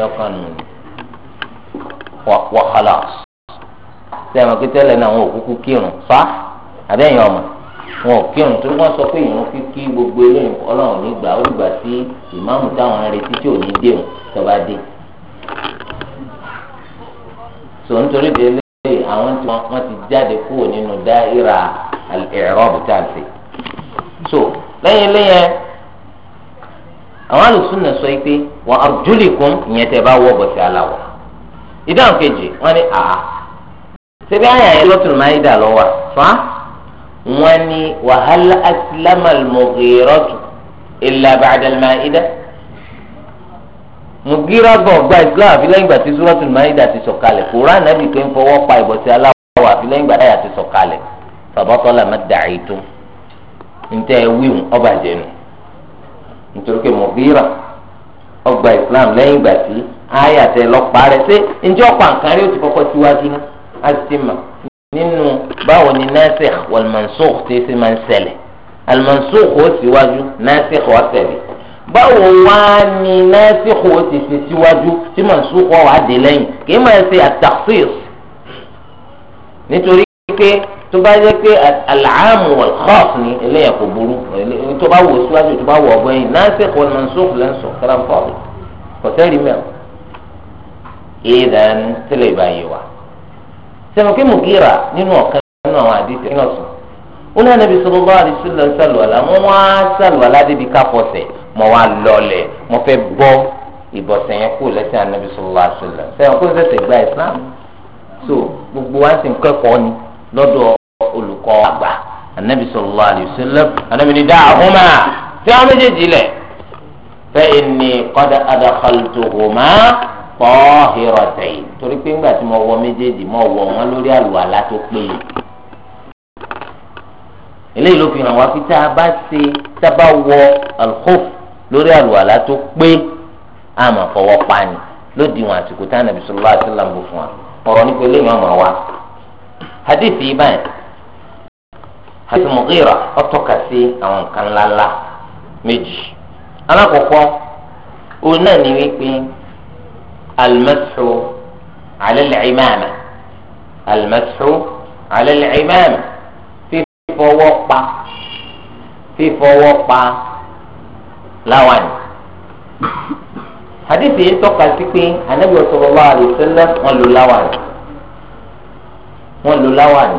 Speaker 1: yọkàn nù wàhálà sẹ́wọ̀n kí tẹ́lẹ̀ náà wọn ò kúkú kírun fa àbẹ́yẹn ọmọ wọn ò kírun torí wọn sọ pé ìrún kíkí gbogbo eléyìí ọlọ́run nígbà ó dìgbà sí ìmáàmù táwọn ń tí ò dé òun tó dé so nítorí délé àwọn tí wọn ti jáde kúrò nínú dáìra ẹ̀rọ bùtàǹtì so lẹ́yìn lẹ́yìn àwọn alùsùnà sọ pé wọn arjulikum ìyẹn tẹ bá wọ bọ̀sẹ̀ aláwọ̀ ìdáhùn kejì wọn ni àá ṣebí àyà yẹn lọ́tùnú máa ń dà lọ́wọ́ wọ́n ní wàhálà asilamu almughiratu illa ba'da almaida mugira gbọ gba islam àfilẹ́yìn gbà tí suratul maida ti sọ̀kalẹ̀ koran nàbì pé ń fọwọ́ pa ìbọ̀tí aláwọ̀ àfilẹ́yìn gbà dáyà ti sọ̀kalẹ̀ fàbọ́tọ́lá má dàáyé tó ntẹ́ wíwù ọba jẹnu nítorí pé mugira ọgbà islam lẹ́yìn gbà tí ayàtẹ̀ lọ́pàá rẹ̀ ṣé njẹ́ ọ̀pá nínú báwo ni nasikh wal mansukh ti ṣe máa ń ṣẹlẹ̀ al mansukh ó síwájú nasikh ó tẹ̀lé báwo wá ni nasikh ó ti ṣe síwájú tí mansukh ó wà dé lẹ́yìn kì í máa ṣe at-takhsis nítorí pé tó bá yẹ pé al-aam ni eléyà kò burú tó bá wò síwájú tó bá wò ọgbẹ́yìn nasikh wal mansukh lẹ́sọ̀ kọ́lá fọ́ọ̀lù kò sẹ́rìí mẹ́wàá ìdán tẹ́lẹ̀ báyìí wa sẹ́wọ̀n kí mùkírà nínú ọ̀kan nínú àwọn àdìsẹ́ nínú ọ̀sùn ó ní ànábi sọ̀rọ̀ bá àdìsẹ́ lọ sàlùwàlà wọ́n wá sàlùwàlà débi káfọ́sẹ̀ mọ̀ wá lọlẹ̀ mọ̀ fẹ́ bọ́ ìbọ̀sẹ̀ yẹn kú lẹ́sẹ̀ ànábi sọ̀rọ̀ bá àṣẹlẹ̀ sẹ́wọ̀n kó sẹ̀sẹ̀ gba Islam so gbogbo wa sì ń kẹ́kọ̀ọ́ ni lọ́dọ̀ olùkọ́ àgbà ànábi sọ̀rọ̀ àdìsẹ́lẹ̀ ànábi tahiratayn torí pé ńgbà tí mo wọ méjèèjì mo wọ wọn lórí àlùwàlá tó péye eléyìí ló fi hàn wá pé tá a bá ṣe tá a bá wọ lórí àlùwàlá tó pé àmọ́ fọwọ́ pa ni lódiwọ̀n àsìkò tá a nàbì fún wa ọ̀rọ̀ nípa eléyìí wọn hadithi hadithi Mughira المسح على العمامة المسح على العمامة في فوقة في فوقة لوان حديث يتوقع سيكي النبي صلى الله عليه وسلم قال لوان wọ́n لوان، láwàní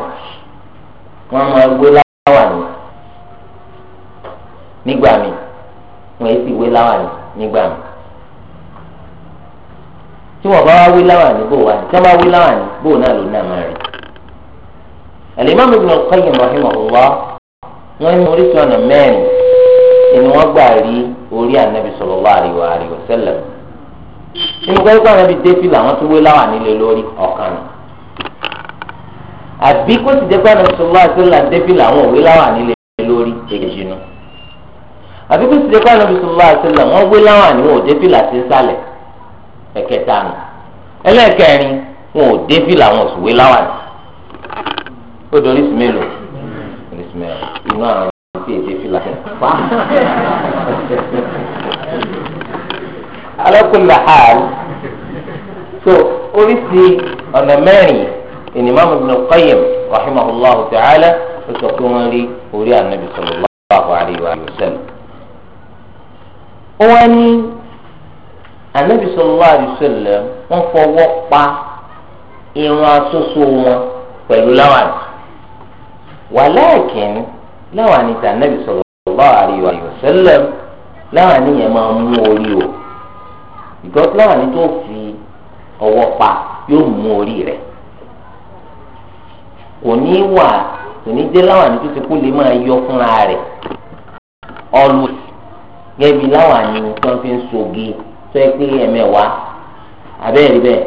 Speaker 1: wọ́n máa gbé láwàní nígbà mi wọ́n tí wọn bá wá wí láwàní bò wá ní tí wọn bá wí láwàní bò náà ló náà máa rìn. Al-Imam Ibn Al-Qayyim rahimahullah wọn ní oríṣi ọ̀nà mẹ́rin ni wọ́n gbà rí orí ànábì sallallahu alaihi wa alihi wa inú pẹ́ pé ànábì débi làwọn tó wé láwàní lé lórí ọ̀kan nù. àbí kó sì jẹ́ pé ànábì sallallahu alaihi wa sallam làwọn òwe láwàní lé lórí èjì àbí kó sì jẹ́ pé ànábì sallallahu alaihi wa sallam wọ́n wé láwàní wọn ò débi làtí sálẹ̀ ẹ̀kẹta nù ẹlẹ́ẹ̀kẹrin wọn ò dé fìlà wọn òṣùwé láwà ní ó dorí sí mélòó dorí sí mélòó inú àwọn ọmọ tí èdè fìlà pa. alákòlá hàn so oríṣi ọ̀nà mẹ́rin ìnìmọ́ Ibn Qayyim rahimahullahu ta'ala ó sọ pé wọ́n rí orí ànábì sallallahu alaihi wa sallam. wọ́n ní anabi sallallahu alaihi wasallam wọn fọwọ́ pa irun asoso wọn pẹ̀lú láwàní wàláàkín láwàní tà anabi sallallahu alaihi wasallam láwàní yẹn máa mú orí o ìgbọ́n láwàní tó fi ọwọ́ pa yóò mú orí rẹ̀ kò ní wà kò ní dé láwàní tó ti kú lè máa yọ fúnra rẹ̀ ọlù gẹ́gẹ́ bí láwàní tó fi ń soge tó yẹ pé ẹ̀mẹ̀wá abẹ́rẹ́ bẹ́ẹ̀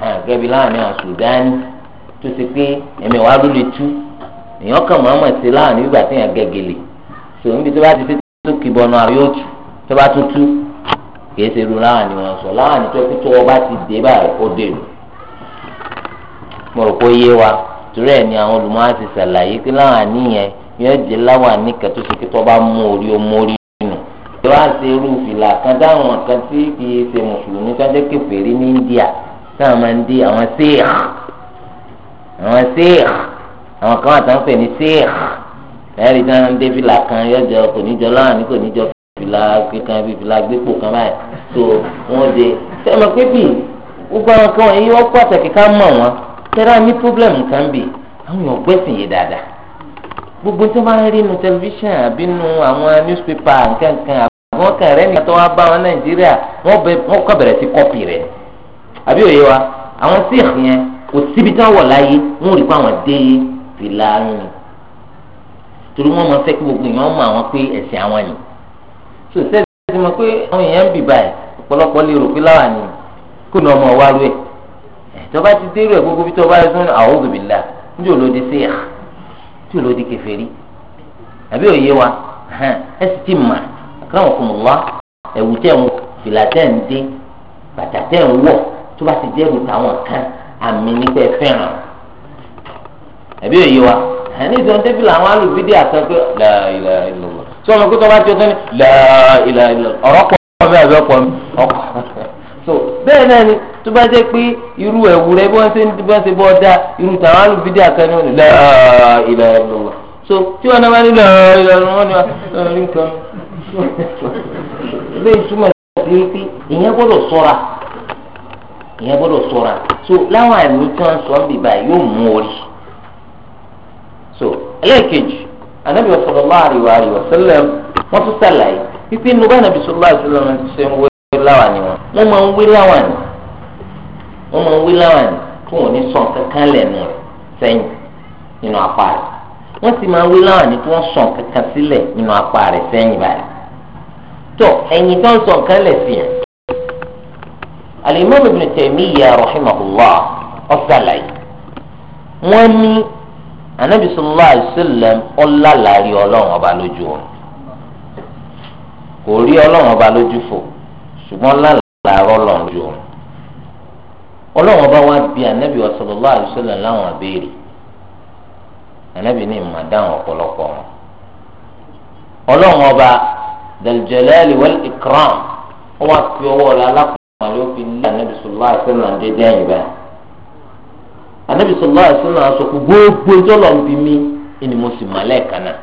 Speaker 1: hàn gẹ́bí láàrin àwọn Sudan tó ti pé ẹ̀mẹ̀wá ló lè tú èèyàn kàn máa mọ̀ sí láàrin ìgbà tí èèyàn gẹ́gẹ́lẹ̀ tó níbi tó bá ti fi tó kì bọ́nu àrẹ yóò tú tó bá tó tú kìí ṣe irú láàrin wọn sọ láàrin tó kí tó bá ti dé báyìí ó dé o mo rò pé ó yé wa torí ẹ̀ ni àwọn olùmọ̀ á ti ṣàlàyé pé láàrin yẹn yóò jẹ́ láwọn àníkà tó ṣe kí tó bá mú orí ó mórí wá ṣe irú fìlà kan dáhùn kan tí kì í ṣe mùsùlùmí tó jẹ́ kèfèrí ní India táwọn máa ń di àwọn sikh àwọn sikh àwọn kan àtàwọn pè ní sikh ẹ̀rí tí wọ́n ń dé fìlà kan yọjọ kò ní jọ láàánú kò ní jọ fìlà kíkan bíi fìlà gbépo kan báyìí tó wọ́n dé sẹ́mi pé gbogbo àwọn kan èyí wọ́n pàtàkì ká mọ̀ wọ́n tẹ́lá ní pọ́blẹ́mù kan bíi àwọn èèyàn gbẹ́sìn yìí dáadáa gbogbo tí wọ́n bá rí nu tẹlifíṣàn àbí àwọn newspaper nǹkan kan àwọn kan rẹ tó wá bá wọn nàìjíríà wọn kọ sí kọpì rẹ àbí òye wa àwọn sikh yẹn kò síbi tí wọn wọ láyé àwọn dé fìlà ń ni torí wọn mọ fẹ́ àwọn pé ẹ̀sìn àwọn ni so sẹsẹ ti pé àwọn èèyàn ọ̀pọ̀lọpọ̀ lè rò pé ni tọba ti dérú akramakumullah ẹ̀wù tẹ̀ ń fìlà tẹ̀ ń dín bàtà tẹ̀ ń wọ̀ tó bá ti jẹ́ ẹ̀wù táwọn kan àmì nípa ẹ̀fẹ́ràn ẹ̀bí òye wa ẹni tí wọ́n ti fi làwọn alùpìdí àtọ́ pé láìlà tí wọ́n mọ̀ tó bá ti ọtọ́ ní láìlà ìlọ́wọ́ ọ̀rọ̀ ọmọ ẹ̀bẹ̀ pọ̀ mi ọkọ̀ so bẹ́ẹ̀ náà ni tó bá jẹ́ pé irú ẹ̀wù rẹ bí wọ́n ṣe ń bá ṣe bọ́ dá irú tàwọn alùpìdí àtọ́ ní láìlà ìlọ́wọ́ so tí wọ́n náà bá ní láìlà ìlọ́wọ́ bẹ́ẹ̀ túmọ̀ sí pé ìyẹn gbọ́dọ̀ sọ́ra ìyẹn gbọ́dọ̀ sọ́ra so láwọn àmì tí wọ́n sọ bíbá yóò mú orí so ẹlẹ́ẹ̀kejì anabi sallallahu alaihi wa sallam wọ́n tún sàlàyé pípé nubá anabi sallallahu alaihi wa sallam ṣe ń wé láwà ni wọn wọ́n máa ń wé láwà ni wọ́n máa ń wé láwà ni tí wọ́n ní sàn kankan lẹ́nu rẹ̀ sẹ́yìn nínú apá rẹ̀ wọ́n sì máa ń wé láwà ni tí wọ́n sàn kankan sílẹ̀ nínú apá rẹ̀ sẹ́yìn báyìí. tó ẹ̀yìn tó ń sọ nǹkan lẹ̀ sí yẹn. alimami ibn Taymiyyah ní anabi sallallahu alayhi wa sallam ọ̀làlàrí ọba lójú wọn kò rí ọba lójú fò ṣùgbọ́n lálàárọ̀ ọlọ́run lójú wọn ọba wa anabi sallallahu alayhi wa sallam láwọn abéèrè anabi ní ìmọ̀ dáhùn ọ̀pọ̀lọpọ̀ wọn ọba. dàlùjẹlẹ́lì wẹ́l ìkram wọ́n wá fi ọwọ́ ọ̀la alákùnrin àlẹ́ òfin ní anabi sọlá àṣẹlẹ̀ àti dẹ́yìn bẹ́ẹ̀ anabi sọlá gbogbo jọlọ ń bí mi ẹni mo sì màlẹ́ kànáà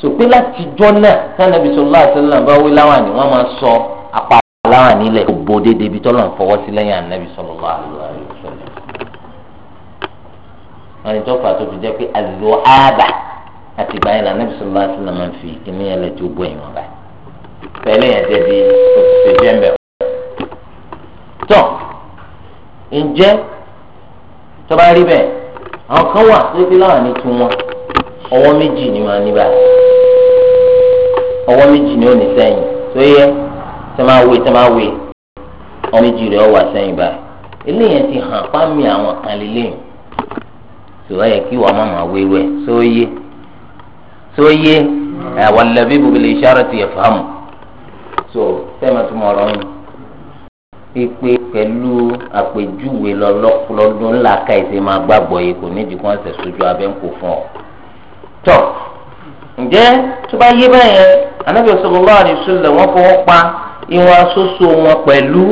Speaker 1: sòpé láti jọ náà sanabi sọlá àṣẹlẹ̀ àbá wí láwọn àní sọ apá láwọn ànílẹ̀ kò bó dédé ibi tọ́lọ̀ ń àti ìgbà yẹn lànà bisọ lọ́wọ́ àti nàmà fi kíní yẹn lẹ́tí ó bọ̀ yìí wọn báyìí tẹ́lẹ̀ yẹn jẹ́ bí òṣìṣẹ́ jẹ́ mbẹ́ o. tọ́ ǹjẹ́ tó bá rí bẹ́ẹ̀ àwọn kan wà tó fi láwọn ní tún wọn ọwọ́ méjì ni wọ́n á ní báyìí ọwọ́ méjì ni ó ní sẹ́yìn tó yẹ tẹ́ máa wé tẹ́ máa wé ọwọ́ méjì rẹ̀ ó wà sẹ́yìn báyìí eléyẹn ti hàn pàmì àwọn kan lélẹ́yìn tó yẹ kí wọ́n máa máa wéwẹ́ sóyè. So, yeah tó yé àwọn lẹ́bí bùbìlì ìṣàrọ̀ ti ẹ̀fọ́ àmù so sẹ́mi tó mọ̀ ọ̀rọ̀ mi pípé pẹ̀lú àpèjúwe lọ́lọ́dún ńlá ká ẹ̀sẹ̀ máa gbàgbọ́ yìí kò ní ìdíkùn ọ̀sẹ̀ sójú abẹ́ ń kó fún ọ. tọ́ ǹjẹ́ tó bá yé bẹ́yẹn anábìyẹ sọlọ́lá àdìsúlẹ̀ wọ́n fọwọ́ pa ìwọ̀n asoso wọn pẹ̀lú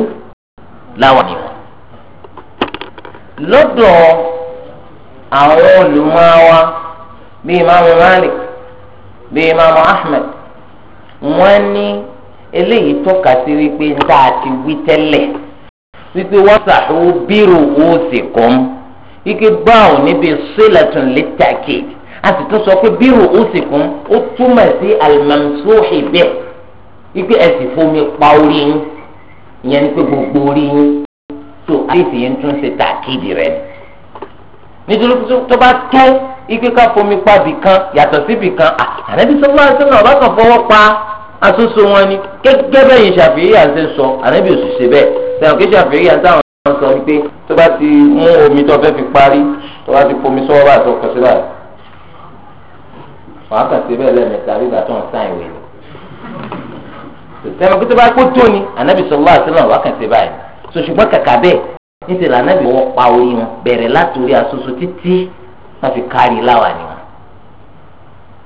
Speaker 1: láwọn ìwọ̀n. lọ́dọ̀ àwọn olùmọ̀ wa bíi Imam Malik bíi imaamu ahmed wọ́n ní eléyìí tọ́ka sí wípé tá a ti wí tẹ́lẹ̀ wípé wọ́n sàhó bírò ó sì kún ike báwo níbi sílẹ̀tún lítàkì a sì tún sọ pé bírò ó sì kún ó túmọ̀ sí alimamsóhì bẹ́ẹ̀ wípé ẹ sì fomi pa orí yín ìyẹn ní pé gbogbo orí yín tó àdéhìí yẹn tún ṣe tàkìdì rẹ nítorí tó bá tó ike ká fomi pa bì kan yàtọ̀ sí bì kan ànábi sọ́wọ́ àṣẹ́nà ọba kan fọwọ́ pa asoso wọn ni gẹ́gẹ́ bẹ́ẹ̀ yẹn ṣàfihàn àṣẹ sọ ànábi òṣìṣẹ́ bẹ́ẹ̀ sẹ́wọ̀n kí ṣàfihàn àṣẹ àwọn ọ̀rọ̀ sọ wípé tó bá ti mú omi tó fẹ́ fi parí tó bá ti fomi sọ́wọ́ bá àtọ̀ kọsí báyìí wàá kà sí bẹ́ẹ̀ lẹ́mẹ̀ta bí gbà tó ń sáìn wẹ̀ sẹ́wọ̀n kí tó bá kó tó ni ànábi sọ́wọ́ àṣẹ́nà wàá kà sí báyìí so ṣùgbọ́n kàkà bẹ́ẹ̀ níṣẹ́ lànàbì wọ́n pa orí wọn bẹ̀rẹ̀ látòrí asoso títí wọ́n fi kárí láwà ni wọn.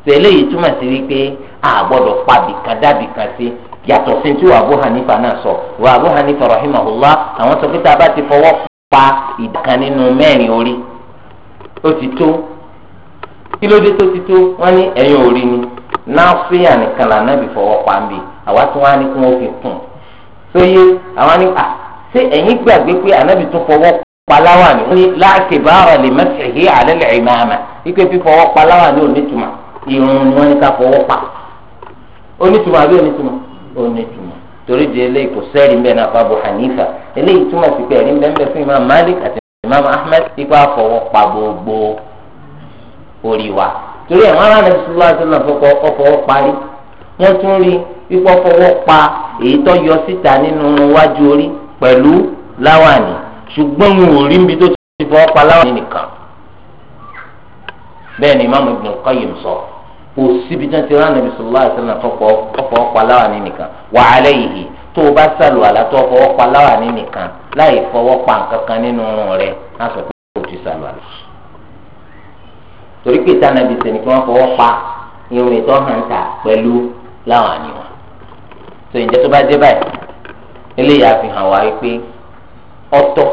Speaker 1: tẹ̀lé yìí túmọ̀ sí wípé a gbọ́dọ̀ pa bìkan dábì kan sí yàtọ̀ sí tí wà Abu Hanifa náà sọ wà Abu Hanifa rahimahullah àwọn sọ pé tá a bá ti fọwọ́ pa ìdàkan nínú mẹ́rin orí ó ti tó kí ló dé tó ti tó ni náfíà nìkan lànà bí fọwọ́ pa ń bì àwa tí á ní kí fi kùn sóyè àwọn paláwa ni wọ́n láti bá ọ̀rọ̀ lè mẹ́sẹ̀ hí alẹ́ lè rìn máa ma wípé fífọwọ́ ni onítùmọ̀ irun ni ká pa àbí onítùmọ̀ onítùmọ̀ torí di eléyìí kò sẹ́ẹ̀rì náà Hanifa eléyìí túmọ̀ sí pé ẹ̀rí fún Imam Malik Ahmed pa gbogbo orí wa torí àwọn ará nàìjíríà sọlá fọkọ ọfọwọ́ parí tún rí pa èyí tó yọ síta nínú orí pẹ̀lú ṣùgbọ́n wọn ò rí níbi tó ti fọ́ paláwọ̀ nìkan bẹ́ẹ̀ ni imáàmù Ibn Qayyim sọ kò síbi tí wọ́n ti rán Nabi sallallahu alaihi wasallam fọ́ paláwọ̀ nìkan wa alayhi tó o bá sàlù àlá tó o fọwọ́ pa láwàní nìkan láì fọwọ́ pa nǹkan kan nínú ọrùn rẹ á sọ pé o ti sàlù àlá. torí pé tànàbí sẹ́ni kí wọ́n fọwọ́ pa irun ìtọ́ hàn tà pẹ̀lú láwàní wọn. tó ìjẹ́ tó bá dé báyìí eléyìí fi hàn wá pé ọ̀tọ̀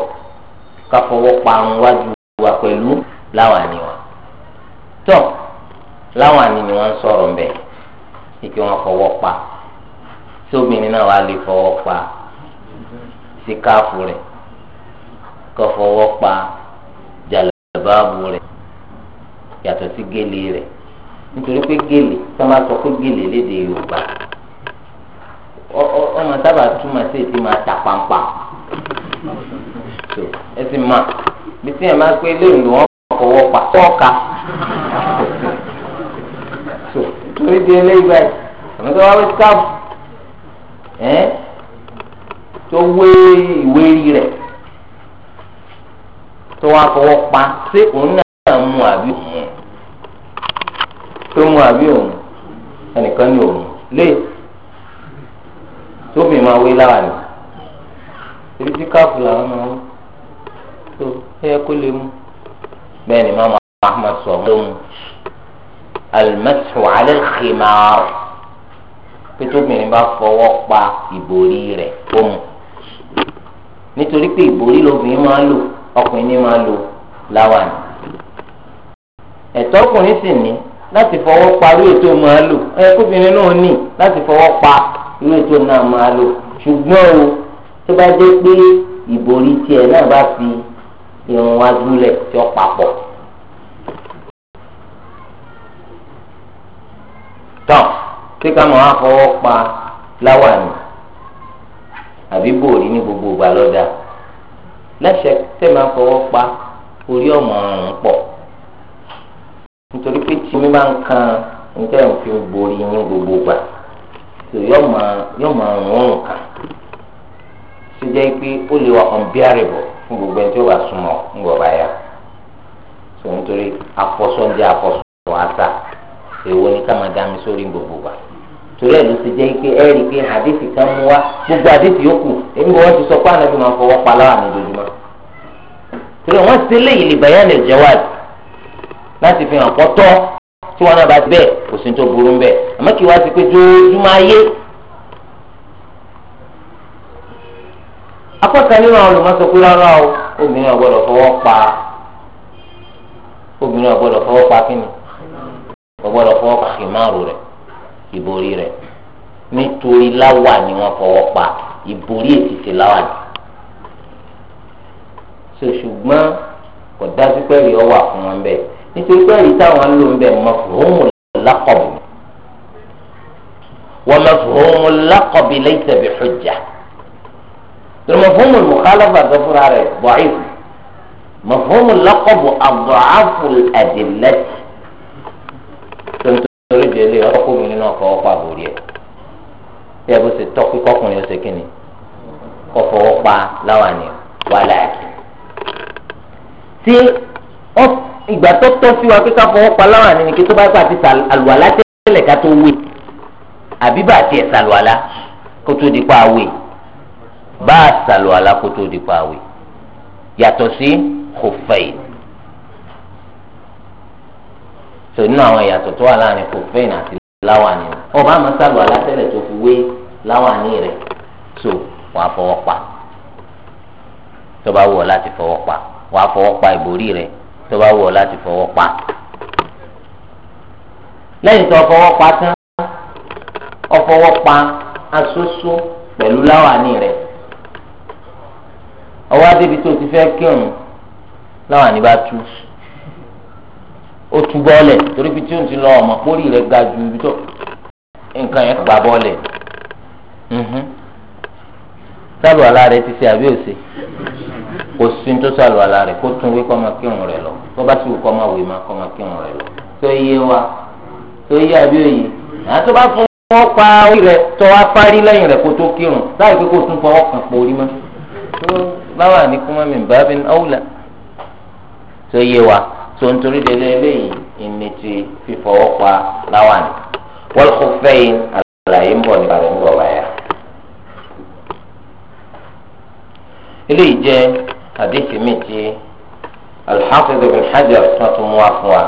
Speaker 1: ká fọwọ́ pa àwọn wájú wa pẹ̀lú láwàní wa tọ láwàní ni wọ́n ń sọ̀rọ̀ ń bẹ ike wọ́n fọwọ́ pa tí obìnrin náà wà lè fọwọ́ pa sí káàfù rẹ̀ kó fọwọ́ pa jàlábàbù rẹ̀ yàtọ̀ sí gèlè rẹ̀ nítorí pé gèlè tó máa sọ pé gèlè léde Yorùbá ọmọ sábà túmọ̀ sí ètí máa ta pampa so ẹ ti ma bí tí ẹ máa pé lóyún ló wọn fọwọ́ pa kọ́ọ̀ka so torí di eléyìí báyìí àmì tó wá wí skáàbù ẹ tó wé ìwé rẹ̀ tó wá fọwọ́ pa ṣé òun náà mú àbí òun tó mú àbí òun ẹnìkan ní òun lé tóbi máa wé láwa nìkan torí tí káàpù làwọn máa ń tó ẹyẹ kó lè mú bẹ́ẹ̀ ni mama ahmed sọ wọn lóhun alimẹsùn alẹ xìmàr pétóbìnrin bá fọwọ́ pa ìbòrí rẹ̀ ó mu nítorí pé ìbòrí lobìnrin máa ń lò ọkùnrin ní máa ń lò láwàní ẹ̀tọ́ ọkùnrin sì ní láti fọwọ́ pa irú ètò máa lò ẹ̀kọ́bìnrin náà ní láti fọwọ́ pa irú ètò náà máa lò ṣùgbọ́n o tó bá dé pé ìborí tiẹ̀ náà bá fi irun wájú lẹ̀ tí ó papọ̀. tán kíkà máa fọwọ́ pa láwàní àbí bòrí ní gbogbo ìgbà lọ́dà lẹ́sẹ̀ tẹ́ máa fọwọ́ pa orí ọmọ ọ̀run pọ̀ nítorí pé tí mi máa ń kan níta ẹ̀ ń fi borí ní gbogbo ìgbà tó yọ̀ máa yọ̀ tó jẹ́ pé ó lè wà unbearable fún gbogbo ẹni tí ó bá súnmọ́ ńgbọ̀ yá sọ nítorí afọsọ ń jẹ́ afọsọ èwo ni ká máa dá sórí gbogbo wa torí ẹ̀ ló ti jẹ́ pé ẹ rí i pé àdìsí kan mú wa gbogbo àdìsí yòókù èmi wọ́n ti sọ pé ànábi fọwọ́ pa lára mi lójúmọ́ torí wọ́n ti láti fi hàn pọ́tọ́ tí wọ́n náà bá bẹ́ẹ̀ kò sí tó burú bẹ́ẹ̀ àmọ́ kí pé ayé akọ́ta nínú àwọn olùmọ̀sọ pé rárá o obìnrin ọ̀gbọ́dọ̀ fọwọ́ pa obìnrin ọ̀gbọ́dọ̀ fọwọ́ pa kíni ọ̀gbọ́dọ̀ fọwọ́ pa ìmáàrú rẹ̀ ìborí rẹ̀ nítorí láwà ni wọ́n fọwọ́ pa ìborí ètìtì láwà ni. so ṣùgbọ́n kò dájú pé ẹ̀rí ọwà wọn bẹ́ẹ̀ nítorí pé táwọn ń lò ń bẹ̀ mọ́ fòhóhùn wọ́n mọ́ fòhóhùn lákọ̀bù tẹ̀lé mọ̀fọ́mù mùkálàfà tó fúnra rẹ̀ bọ̀ọ́yì mọ̀fọ́mù lọ́kọ̀bù àbọ̀áfù àdìlẹ́tì tó ń torí délé ọkùnrin nínú ọkọ̀ ọkọ̀ àbórí ẹ̀ tẹ́ bó ṣe tọ́ kíkọ́kùnrin ọ̀sẹ̀ kìíní kọ́ fọwọ́ pa láwàní wàhálà ẹ̀kí. tí ìgbà tó tọ́ sí wa pé ká fọwọ́ pa láwàní ni kí tó bá gbà ti sàlùwàlá tẹ́lẹ̀ ká tó wé àbí bá ti ẹ̀ sàlùwàlá kó tó di pa àwé bá a sàlù alákòótó di pàwé yàtọ̀ sí kòfẹ́yì tó nínú àwọn ìyàtọ̀ tó wà láàrin kòfẹ́yì àti láwàní o ọba àmọ́ sàlù alátẹ́lẹ̀ tó fi wé láwàní rẹ̀ tó wàá fọwọ́ pa tó bá wọ̀ láti fọwọ́ pa wàá fọwọ́ pa ìbòrí rẹ̀ tó bá wọ̀ láti fọwọ́ pa lẹ́yìn tó fọwọ́ pa tán ọ fọwọ́ pa asoso pẹ̀lú láwàní rẹ̀ ọwọ́ adébi tó ti fẹ́ kírun láwọn àníbá tú o tú bọ́ọ̀lẹ̀ torí bí tí ó ti lọ ọmọ pórí rẹ̀ ga ju ibi tó nǹkan yẹn pa bọ́ọ̀lẹ̀ mhm. sálù àlá rẹ̀ ti ṣe àbí òṣè kò sí tó sálù àlá rẹ̀ kó tún wí kó máa kírun rẹ̀ lọ tó bá sì wù kó máa wí máa kó máa kírun rẹ̀ lọ tó yé wa tó yé àbí òye àti tó bá fún wọn pa orí rẹ̀ tó wá parí lẹ́yìn rẹ̀ kó tó kírun láì pé kó tún fọwọ́ kan pò orí mọ́ láwà ní kúmọ́ mi bá bí ọ́wùlà tó yé wa tó ń torí délé eléyìí ìní ti fífọwọ́ pa láwà ní. wal khuffayn àlàyé ń bọ̀ nípa rẹ̀ ń bọ̀ wáyà. eléyìí jẹ́ àdéhìí mi ti al-Hafiz ibn Hajar tó tún mú wa fún wa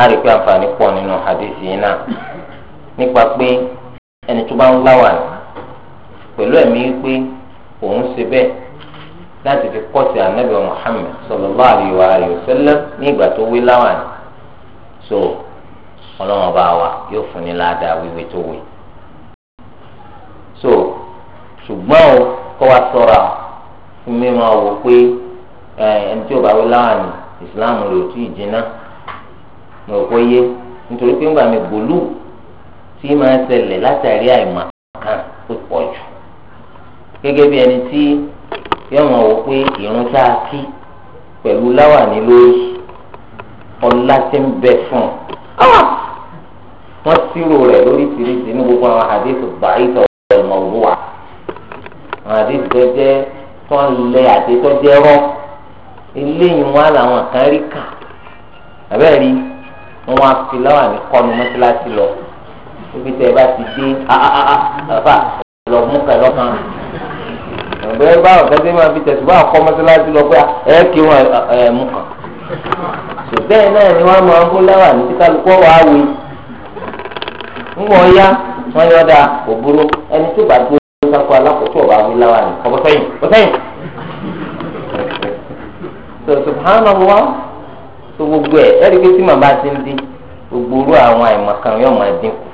Speaker 1: a rí pé àǹfààní pọ̀ nínú àdéhìí yìí náà nípa pé ẹni tó bá ń láwà ní pẹ̀lú ẹ̀mí pé òun ṣe bẹ́ẹ̀ láti fi kọ́sí anabi muhammed sallallahu alayhi wa alayhi wa sallam ní tó wí láwọn àná so ọlọ́run ọba wa yóò fún ni ládàá wíwé tó wí. so ṣùgbọ́n o kọ́ wa sọ́ra fún mi máa wò pé ẹni tí ò bá wí láwọn àná ìsìláàmù rẹ̀ ò tí ì jiná mo rò pé yé nítorí pé ńgbà mi gbòlù tí máa ń ṣẹlẹ̀ látàrí àìmọ̀ kan ó pọ̀ jù gẹ́gẹ́ bí ẹni tí yóò mọ̀ wò pé ìrún tá a kí pẹ̀lú láwàní lórí ọlá ti ń bẹ fún un. wọ́n sírò rẹ̀ lórí tìrìsì ní gbogbo àwọn àdéhùn báyìí ọ̀nà òwúwa àdéhùn tó jẹ́ tó ń lẹ àdéhùn tó jẹ́ rọ́ eléyìí wọn làwọn kan rí kà àbẹ́rẹ́ rí wọn wá fi láwọn àmì kọ́nu mọ́tíláṣí lọ níbi tẹ́ ẹ bá ti dé àbá ah, ah, ah, lọ mú kẹ́ ọ̀bẹ bá ọ̀kan tí máa fi tẹ̀sí bá ọkọ mọ́sálásí lọ pé ẹ kí wọn ẹ mú kàn. bẹ́ẹ̀ náà ni wọ́n máa ń fún lẹ́wà ní kíkálukú ọ̀wá awi ń wọ́n ya wọ́n yọ da òbúrú ẹni tó bá dúró ló ń sáko alákòókò ọ̀wá awi lẹ́wà ní ọ̀bọ̀ sẹ́yìn ọ̀bọ̀ sẹ́yìn. sọ subhanallah tó gbogbo ẹ ẹ̀rí pé tí màmá ti ń dín gbogbo orú àwọn àìmọ̀kan yóò máa dínkù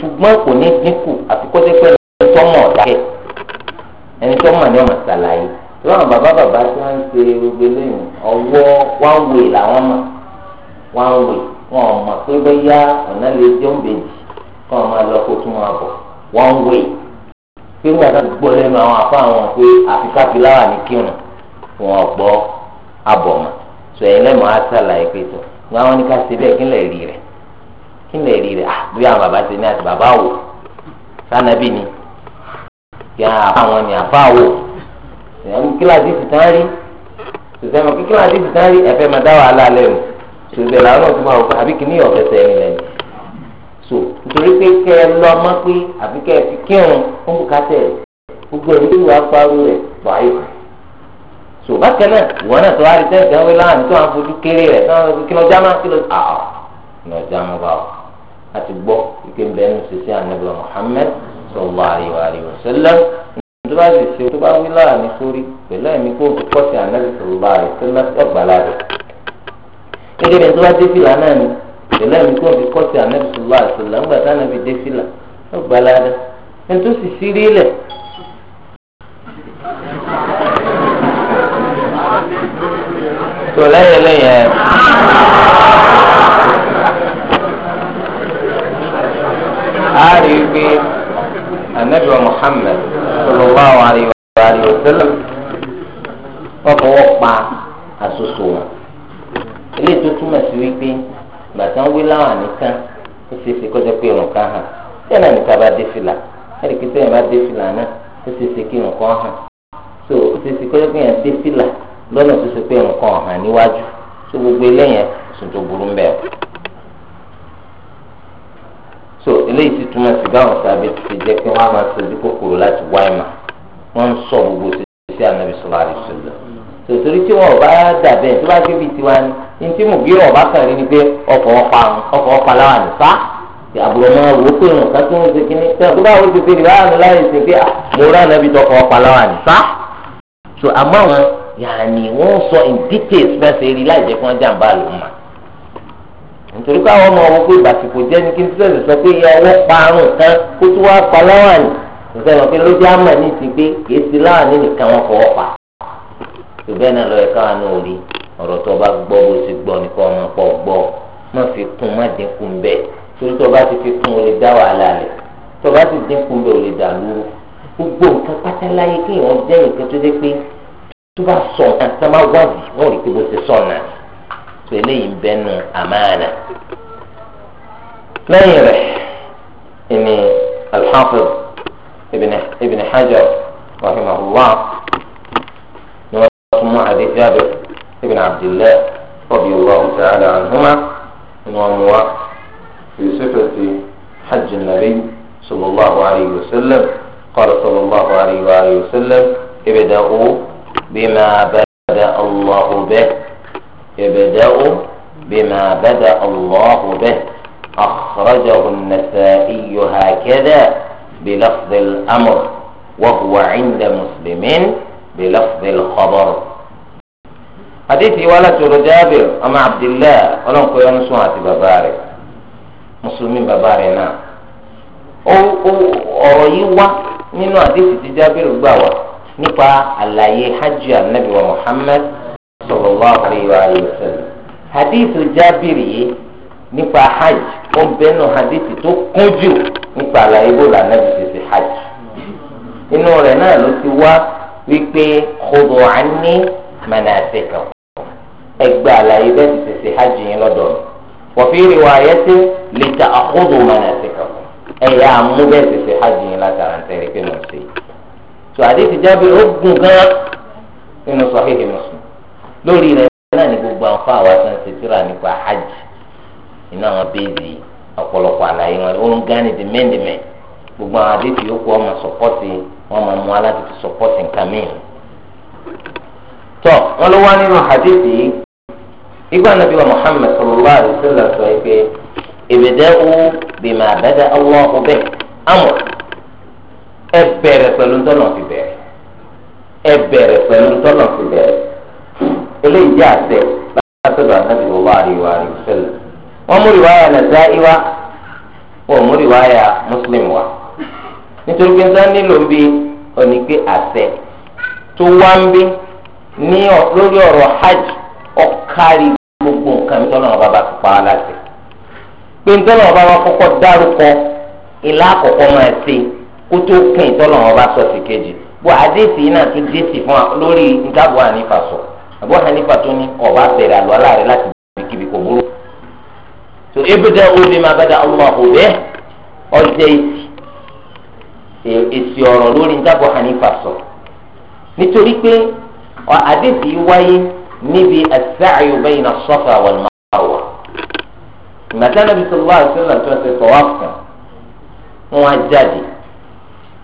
Speaker 1: ṣùgbọ́n kò ní dínkù àfikọ́jẹ́ pẹ́ẹ́lú tọ́mọ̀ ọ̀dà kẹ́ẹ̀ ẹni tó mọ̀ ní ọmọ ṣàlàyé lọ́nà bàbá bàbá tí wọ́n ń ṣe gbogbo eléyìí ọwọ́ wọn wè làwọn mọ̀ wọn wè wọn ò mọ̀ pé bóyá ọ̀nà lè jẹ́ òǹbejì kọ́ ọ máa lọ kó tún wọn bọ̀ wọn wè pé wọn náà gbọ́ lẹ́nu àwọn afọ àwọn pé àfikáfiláwà ní kírun wọn gbọ́ abọ̀mọ̀ sọ yẹn lẹ́mọ̀ á ṣàlàyé pé tó wọn àwọn ní ká ṣe bẹ́ẹ̀ kí lè rí rẹ̀ kí lè rí rẹ̀ àbí ah, àwọn bàbá ṣe ní àti bàbá wò sànàbí ni kí àwọn ni àfáwò ìyàwó kíláàsì ti tán rí sọsẹ mọ kí kíláàsì ti tán rí ẹfẹ máa dá wàhálà lẹ́nu sọsẹ làwọn náà ti máa wọ àbí kìíní ọ̀fẹ́sẹ̀ ẹni lẹ́nu so nítorí pé kẹ ẹ lọ ọmọ pé àbí kẹ ẹ fi kírun fún bùkátẹ gbogbo ẹni tó wàá parú rẹ báyìí so bákan náà ìwọ náà tó wá rí tẹ́sí ẹ̀wé láàánú tó à ń fojú kéré rẹ̀ tó à ń fojú kí lọ jámá kí lọ àá kí lọ jámá báwò àti Muhammad sallallahu alaihi wa sallam tó bá sì ṣe tó bá wí láàánú sórí pẹ̀lú ẹ̀mí kó o kọ́ sí ànábì sallallahu alaihi wa sallam ọ̀gbàládé gẹ́gẹ́ bí ẹni tó bá dé fìlà náà ni pẹ̀lú ẹ̀mí kó o kọ́ sí ànábì sallallahu alaihi wa sallam ńgbà dé fìlà ọ̀gbàládé ẹni tó sì sí rí lẹ̀ tó lẹ́yìn lẹ́yìn ẹ̀. a rí anabi محمد muhammed sallallahu alayhi wa alayhi wa sallam wọ́n fọwọ́ pa àsoso wọn ilé tó túmọ̀ sí wípé bàtà ń wí láwọn àníkàn ó ṣe é ṣe kọjá pé irun kan hàn tí ẹ̀nà nìkan bá dé fìlà ẹ̀rì kí sẹ́yìn bá dé fìlà náà ó ṣe é ṣe kí irun kan hàn so ó ṣe é ṣe kọjá pé yẹn dé fìlà lọ́nà tó ṣe pé irun kan hàn níwájú so gbogbo eléyẹn sùn tó burú ń bẹ̀rù so eléyìí ti túmọ̀ sí báwọn sábẹ́ ti jẹ́ pé wọ́n á máa ṣojú kòkòrò láti wá ìmọ̀ wọ́n ń sọ gbogbo ṣe sí anabi sọlá àdìsọ́lá tòtòrí tí wọn ò bá dàbẹ̀ tó bá débi tiwa ni ntí mo bí ọba kan rí ni pé ọkọ̀ ọ̀pá ọkọ̀ ọ̀pá láwa ní sá àbúrò máa wò ó pé òun kan tó ń ṣe kínní tí wọn bá wò ó ṣe pé ìwà láyé ṣe pé ah, mo rà nàbí tọkọ̀ ọ̀pá láwa ní so àmọ́ wọn ni wọ́n sọ in details fẹ́ ṣe rí láì jẹ́ kí wọ́n jàǹbá lòún mọ́ nítorí káwọn ọmọ wọn pé ìbàsìkò jẹ́ ní kí n tẹ́lẹ̀ sọ pé ìyá ọwọ́ parun kan kó tó wá pa láwàní ìfẹ́ lọ pé ló jẹ́ àmà ní ti pé kìí ti láwàní nìkan wọn fọwọ́ pa ṣùgbọ́n náà lọ́ọ́ ẹ̀ka àánú orí ọ̀rọ̀ tó bá gbọ́ bó ti gbọ́ nìkan ọmọ pọ̀ gbọ́ má fi kún má dínkù ń bẹ́ẹ̀ torí tó bá ti fi kún o lè dá wàhálà rẹ̀ tó bá ti dínkù bẹ́ẹ̀ o lè dà lóru gbogbo nǹkan pátá láyé kí èèyàn jẹ́ nǹkan tó dé pé tó bá sọ nǹkan tó bá wà yìí wọ́n rí pé eléyìí ń bẹnu àmàna lẹ́yìn rẹ̀ ìní alḥafiz ibn hajar rahimahullah ni wọ́n tún mú adé jábir ibn abdillah radiyallahu ta'ala anhuma ni wọ́n mú wa fi sifati hajj nabi صلى الله wa وسلم قال صلى الله wa وآله ibi ابدأوا بما بدأ الله به ابدأوا بما بدأ الله به أخرجه النسائي هكذا بلفظ الأمر وهو عند مسلم بلفظ الخبر حديث ولد جابر أم عبد الله ولم يكن سمعة ببارك مسلمين ببارك نعم أو أو wá nínú àdéhùn tí jábìrì gbà wá nípa àlàyé hajj sallallahu alayhi wa sallam hadithu jábìrì yìí nípa hajj ó ń bẹnu hadithi tó kún jù nípa àlàyé bó lànà bí ṣe ṣe hajj inú rẹ̀ náà ló ti wá wípé khudu anni manasikakum ẹgbẹ́ àlàyé bẹ́ẹ̀ ti ṣe ṣe hajj yín lọ́dọ̀ mi wa fi riwayati li ta'khudhu manasikakum ẹ̀yà àmú bẹ́ẹ̀ ti ṣe hajj yín látara ń tẹ̀lé pé mo ṣe. tó hadithi jábìrì ó gùn gan nínú Sahih Muslim. lórí náà ni gbogbo àwọn àwọn nípa hajj iná àlàyé wọn ó ń gbogbo àwọn yòókù ọmọ sọpọ́tì wọn máa mú sọpọ́tì nǹkan mìíràn. tọ́ wọn ló wá nínú hadith yìí igba nàbí wa sallallahu alayhi wa sallam sọ pé eléyìí jẹ́ àṣẹ látọ̀dọ̀ àtàbí wọ́n wà rí wàá mú ìwáyà nàìjíríà ìwá mú ìwáyà mùsùlùmí wa nítorí pé nilo nílò ń bi òní pé àṣẹ tó wá ń ní lórí hajj gbogbo nǹkan ọba bá pa á láti ọba wa kọ́kọ́ dárúkọ àkọ́kọ́ máa ṣe kó tó ọba kejì bó àdéhìí náà fún wa lórí Abu Hanifa tó ní ọba bẹ̀rẹ̀ àlọ́ aláàrẹ láti bí kíbi kò burú. tó ebúdá olè máa bá da ọmọ òbẹ́ ọjọ́ èsì ọ̀rọ̀ lórí ní Abu Hanifa sọ nítorí pé àdéhùn wáyé níbi as-sa'yu bayna as-safa wal-marwa ìmọ̀tánà bíi sọ̀rọ̀ àti sọ̀rọ̀ àti ọ̀sẹ̀ sọ̀rọ̀ àfọ̀n wọn á jáde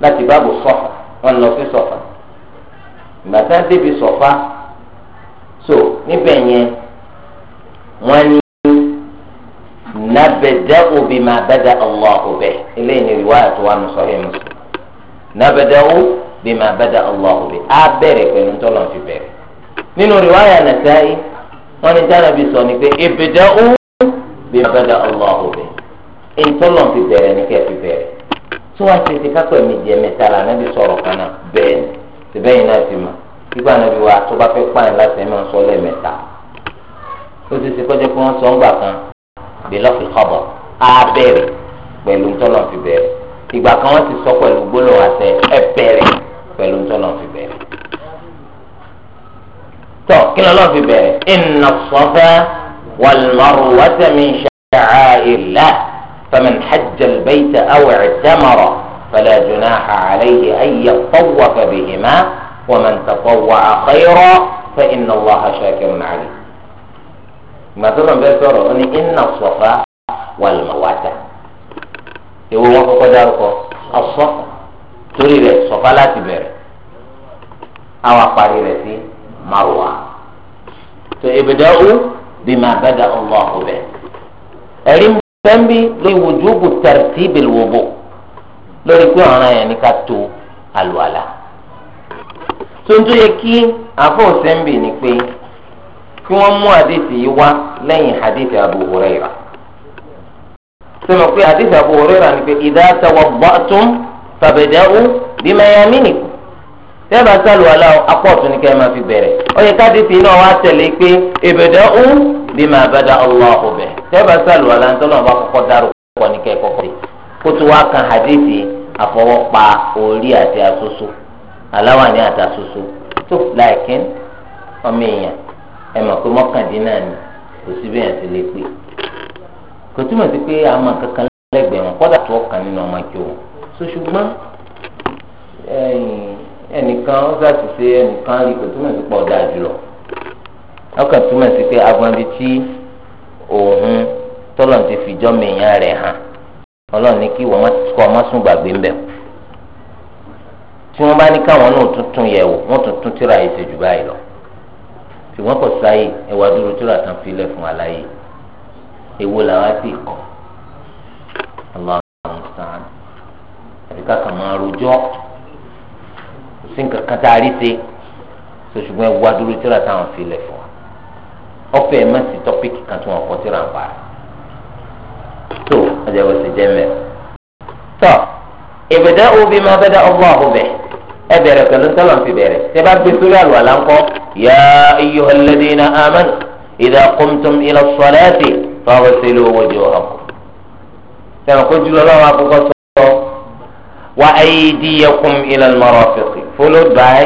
Speaker 1: láti báàbò sọ̀fà wọn lọ sí sọ̀fà ìmọ̀tánà débi sọ̀fà so níbẹ̀ yẹn wọ́n ní nabẹ́dẹ́wò bí máa bẹ́dẹ́ Allahu bẹ́ eléyìí ni ìwà àti wà nù sọ́yìn mu nabẹ́dẹ́wò bí máa bẹ́dẹ́ Allahu bẹ́ á bẹ̀rẹ̀ pẹ̀lú tọ́lọ̀ fi bẹ̀rẹ̀ nínú ìwáyà Nasa'i wọ́n ní dáná bí sọ ni pé ibda'u bí máa bẹ́dẹ́ tọ́lọ̀ fi bẹ̀rẹ̀ kẹ́ẹ̀ fi bẹ̀rẹ̀ tí wọ́n ti ti kápẹ́ mi jẹ́ mẹ́ta nígbà níbi wa tó bá fẹ́ pààyàn láti ẹ̀mí sọ lẹ́ẹ̀mẹ́ta ó ti ṣe kọjá pé wọ́n sọ ńgbà kan bí lọ́ọ̀fì kọ̀bọ̀ á bẹ̀rẹ̀ pẹ̀lú ntọ́nà fi bẹ̀rẹ̀ ìgbà kan wọ́n ti sọ pẹ̀lú gbólò àṣẹ ẹ bẹ̀rẹ̀ pẹ̀lú ntọ́nà fi bẹ̀rẹ̀ tọ́ kí lọ́lọ́ fi bẹ̀rẹ̀ iná sọ́fẹ́ wal marwata min sha'a'illah ومن تطوع خيرا فإن الله شاكر عليم ما ترى بسرعة إن الصفا والمروة ewu wọn kọ́kọ́ dárúkọ ọsọ torí rẹ̀ sọfá láti bẹ̀rẹ̀ àwọn àparí rẹ̀ sí marwa tó ibda'u bima bada Allahu bih ẹrí pẹ́ńbí lórí wujubu tartibil wudu lórí pé ọ̀ràn yẹn ní ká tó àlùwàlà. tonto yẹ kí afọwọsẹmbi ni pé kí wọn mú àdìsí yìí wá lẹ́yìn àdìsí Abu Hurairah sọmọ pé àdìsí Abu Hurairah ni pé idha tawabba'tum fabda'u bimayaminikum tẹ́ẹ̀bà sálù aláwọ̀ apọ̀tù ni ẹ máa fi bẹ̀rẹ̀ ó yẹ náà wá tẹ̀lé pé sálù aláwà ata àtàsoso tó láìkín ọmọ èèyàn ẹ mọ̀ pé mọ́kàndínláà kò sí bẹ́ẹ̀ ti lè pé kò túmọ̀ sí pé àmọ́ kankan lẹ́gbẹ̀ẹ́ wọn kọ́dà tó ọkàn nínú ọmọ ìjọ wọn so ẹnìkan ó ṣàṣìṣe ẹnìkan rí kò túmọ̀ sí pọ̀ dáa jùlọ ọkàn túmọ̀ sí pé agbọ̀nbi ti fìjọ́ mi rẹ̀ hàn kí wọ́n kọ́ tí wọ́n bá ní káwọn náà tuntun yẹ̀ wò wọ́n tuntun tíra yìí ṣe jù báyìí lọ ṣùgbọ́n kò sáyè ẹwà dúró tíra tán filẹ̀ fún aláyè èwo làwọn ti kọ́ Allah musta'an àbí káka máa rojọ́ kò sí nǹkan kan tá a rí ṣe so ṣùgbọ́n ẹwà dúró tíra táwọn filẹ̀ fún wa ọ̀fẹ́ má sí tọ́píkì kan tí wọ́n kọ́ tíra ń tó ọjà ìwọ̀sẹ̀ jẹ́ mẹ́rin. tọ́ ìbẹ̀dẹ́ obi máa bẹ́dẹ́ ọgbọ́n àbúbẹ̀ ẹ bẹ̀rẹ̀ pẹ̀lú sọlọ ń fi bẹ̀rẹ̀ tẹ́ bá gbé sórí àlùwàlá ńkọ́ yá ayyuhal ladhina amanu idha qumtum ila salati faghsilu wujuhakum. sẹ́wọ̀n kó jùlọ lọ́wọ́ akókò sọ wa aydiyakum ila al-marafiqi follow by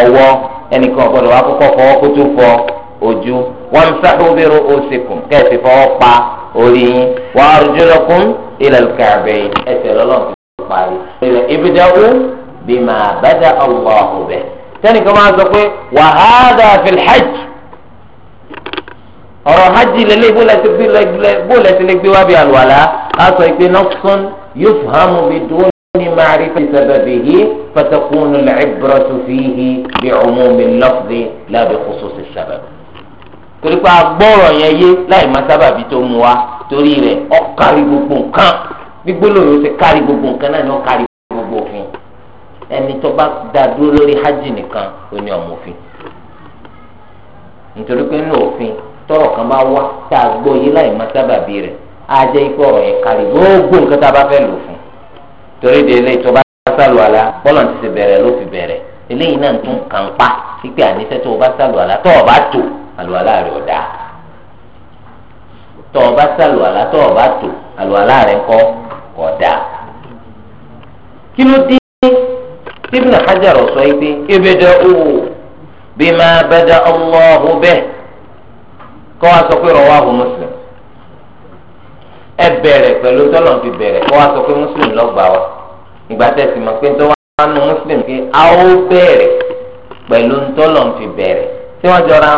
Speaker 1: ọwọ́ ẹnìkan gbọ́dọ̀ wà kókò fọwọ́ kó tó fọ ojú wamsahu bi ru'usikum kẹ́sì fọwọ́ pa orí yín wa arjulakum ila al-ka'bayn ẹsẹ̀ lọ́lọ́ bima bada allahu bẹ sani kama sọ pé wa hada fil hajj ọ̀rọ̀ hajj lele bóòlù ẹsẹ lè gbé wá bí alùwàlà a sọ ìpè nọfún yufhamu biduni ma'rifati sababihi fatakunu al-ibratu fihi bi'umumi al-lafzi la bi khususi as-sabab torí pé agbọ́rọ̀ yẹn yé láì má sábàbí tó mu wa torí rẹ̀ ó kárí gbogbo nǹkan gbígbólóyò ti kárí gbogbo nǹkan náà ni ó kárí ẹni tó bá dá dúró lórí hajj nìkan ó ní ọmọ òfin nítorí pé nínú òfin tọ̀rọ̀ kan bá wá tá a gbọ́ yìí láì má sábàbí rẹ̀ á jẹ́ ikú ọ̀rọ̀ yẹn kárí gbogbo nǹkan tá a bá fẹ́ lò fún torí délé tó bá sálù àlá bọ́lá ti ti bẹ̀rẹ̀ ló fi bẹ̀rẹ̀ eléyìí náà tún kàn pa pípé àníṣe tó o bá sálù àlá tó o bá tò àlùwàlá rẹ̀ ọ̀dà tó o bá sálù àlá tó o bá tò àlùwàlá rẹ̀ kọ́ ọ̀dà kí ló dé Ibn Hajar sọ pé ibda'u bima bada Allahu bih kọ́ wa sọ pé rawahu Muslim ẹ bẹ̀rẹ̀ pẹ̀lú tọ́lọ̀ fi bẹ̀rẹ̀ kọ́ wa sọ pé Muslim ló gbà wá ìgbà tẹ̀sí mọ̀ pé tọ́wọ́ anu Muslim pé a ó bẹ̀rẹ̀ pẹ̀lú tọ́lọ̀ fi bẹ̀rẹ̀ tí wọ́n jọra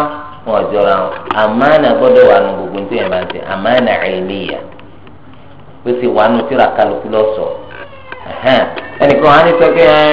Speaker 1: wọn jọra wọn àmàna gbọ́dọ̀ wà nù gbogbo ní tẹ̀yẹ̀ máa ń tẹ̀ àmàna ilmiya pèsè wà nù tíra kálukú lọ́sọ̀ọ́ ẹnìkan á ní sọ pé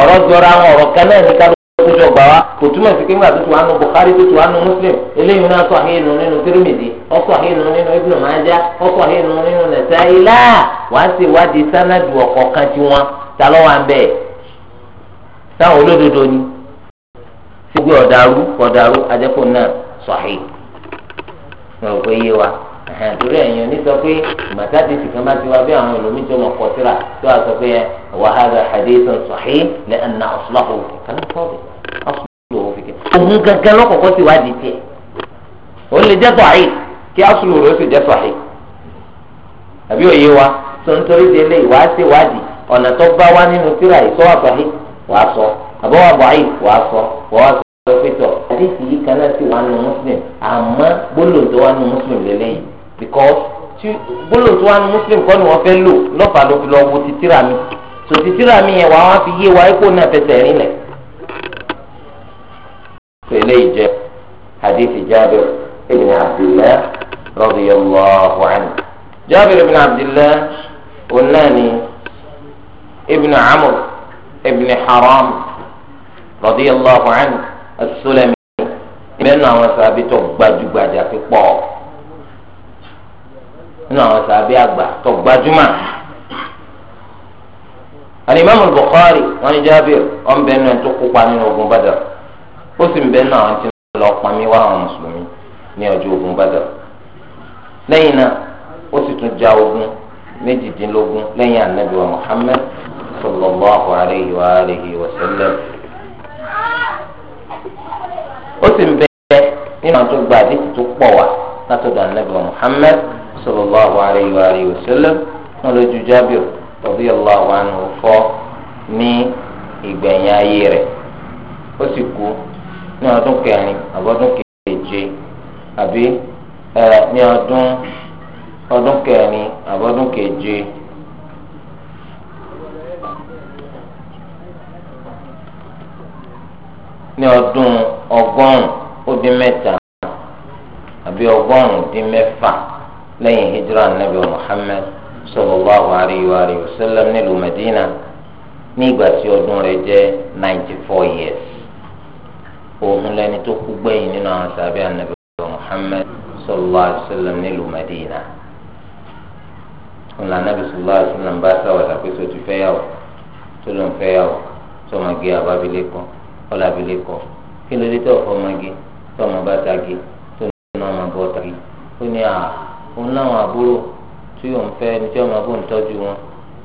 Speaker 1: ọ̀rọ̀ jọra àwọn ọ̀rọ̀ kan náà ní kálukú jọ gbà wá kò túmọ̀ sí kéwàá tó ti wà nù Bukhari tó wà nù Muslim eléyìí náà sọ àhínú nínú Tirmidhi ọkọ nínú ọkọ àhínú nínú Nasa'i la wà á sì wádìí sánàdù ọ̀kọ̀ọ̀kan tí ta lọ́wọ́ táwọn olódodo ni ṣùgbọ́n torí ẹ̀yàn ní sọ pé ìgbàsáde ti kan bá ti wá bí àwọn ẹlòmíì tó mọ̀ kọtíra tó a sọ pé wa hadha hadithun sahih lẹ́ ẹ̀nà ọ̀ṣunláhù kàní sọ́ọ̀bì ọ̀ṣunláhù fi gangan lọ́kọ̀ọ́kọ́ ti tiẹ̀ ó lè jẹ́ sọ̀hí kí rẹ̀ ó sì jẹ́ sọ̀hí. àbí òye wa tó because tí gbólóhùn tí wọn muslim kọ́ ni wọ́n fẹ́ lò lọ́fà ló fi lọ wo títírà mi tò títírà mi yẹn wà wọ́n fi yé wa ẹ̀kọ́ náà fẹsẹ̀ rìn lẹ̀. pèlè ìjẹ hadith Jabir ibn Abdillah radiyallahu anhu Jabir ibn Abdillah onani ibn Amr ibn Haram radiyallahu anhu as-Sulami àwọn sábẹ́ tó gbajúgbajà pípọ̀. nínú àwọn sàbẹ̀ àgbà tó gbajúmọ̀ alimami Bukhari wọn ni wọn bẹ nínú tó kópa nínú ogun Badr ó sì ń bẹ nínú àwọn tí wọn lọ pọnmi wá àwọn ogun Badr náà ó sì ja ogun méjìdínlógún lẹ́yìn anabi wa sallallahu alayhi wa wa sallam ó sì ń bẹ nínú àwọn tó gba àdéhùn tó pọ̀ wá látọ̀dọ̀ wa sallallahu alayhi wa alihi wa sallam wọn lójú jábìr radiyallahu anhu fọ́ ní ìgbẹ̀yìn ayé rẹ̀ ó sì kú ní ọdún kẹrin àbọ̀dún keje àbí ní ọdún ọdún kẹrin àbọ̀dún keje. ní ọdún ọgọ́rùn-ún ó dín mẹ́ta àbí ọgọ́rùn-ún dín mẹ́fà lẹ́yìn hijira nabi muhammed sallallahu alayhi wa alayhi wa sallam nílùú medina ní ìgbà tí ọdún rẹ̀ jẹ́ ninety four years òun lẹni tó kú gbẹ̀yìn nínú àwọn sàbẹ̀ anabi muhammed sallallahu alayhi wa sallam nílùú medina òun lànà bisalòlá sallam bá sáwàdà pé ti fẹ́yàwó tó ló ń fẹ́yàwó tọmọge àbábílẹ̀kọ ọ̀làbílẹ̀kọ kí ló dé tó ọ̀fọ́mọge tọmọ bá tagi tó ní ọmọ bọ́ tagi ó ní à. Ah, òun láwọn àbúrò tí òun fẹ́ ẹni tí ọmọ abóhùn tọ́jú wọn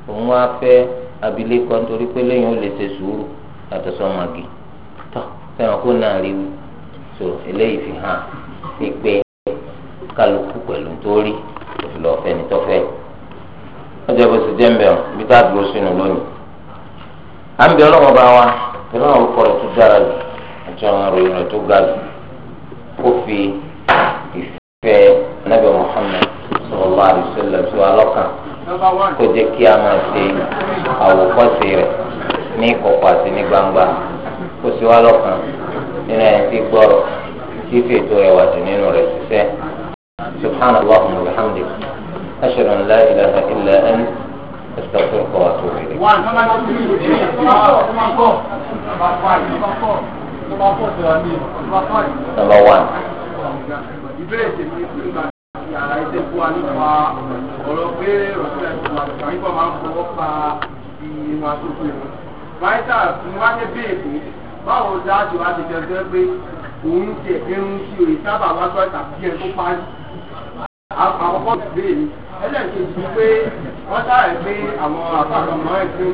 Speaker 1: òun wá fẹ́ abilékọ nítorí pé lẹ́yìn ó lè ṣe sùúrù yàtọ̀ sọmọgì tó fẹ́ràn kó náà rí wí tó eléyìí fi hàn pípé kálukú pẹ̀lú torí òfin ọ̀fẹ́ ni tọ́fẹ́ ọjọ́ bó ti jẹ́ǹbẹ̀ ọ̀ bí tá a dúró sínú lónìí à ń bẹ ọlọ́wọ́n bá wa pẹ̀lú àwọn orúkọ rẹ̀ tó dára jù àti àwọn ìròyìn rẹ̀ tó ga jù kó fi fẹ́ nabi muhammed sallallahu alayhi wa sallam sí wa lọ́kàn kó jẹ́ kí a máa ṣe àwòkọ́ṣe rẹ̀ ní ìkọ̀kọ̀ àti ní gbangba kó sí wa lọ́kàn nínú ẹni tí gbọ́rọ̀ tí fètò rẹ̀ wà jù nínú rẹ̀ ṣiṣẹ́ subhana allah wa bihamdi ashhadu an la ilaha illa an astaghfiruka wa atubu ilayk. wà
Speaker 2: á sábà ìbéèrè tèmi nígbà tí ara ẹsẹ̀ fún wa nípa ọ̀rọ̀ pé rọ̀ṣẹ́ ẹ̀sìn wa tàbí máa ń fọwọ́ pa ìrìn àtòkù ìrìn. Máìtà fún wa ní béèrè báwo dáàtì wa ti jẹ́ pé òun tiẹ̀ irun sí òye sábà wá sọ tàbí ẹ̀ tó parí. Àkọ́kọ́ béèrè ẹlẹ́ẹ̀kejì ni pé wọ́n sáré pé àwọn àbákan mọ́ ẹ̀sìn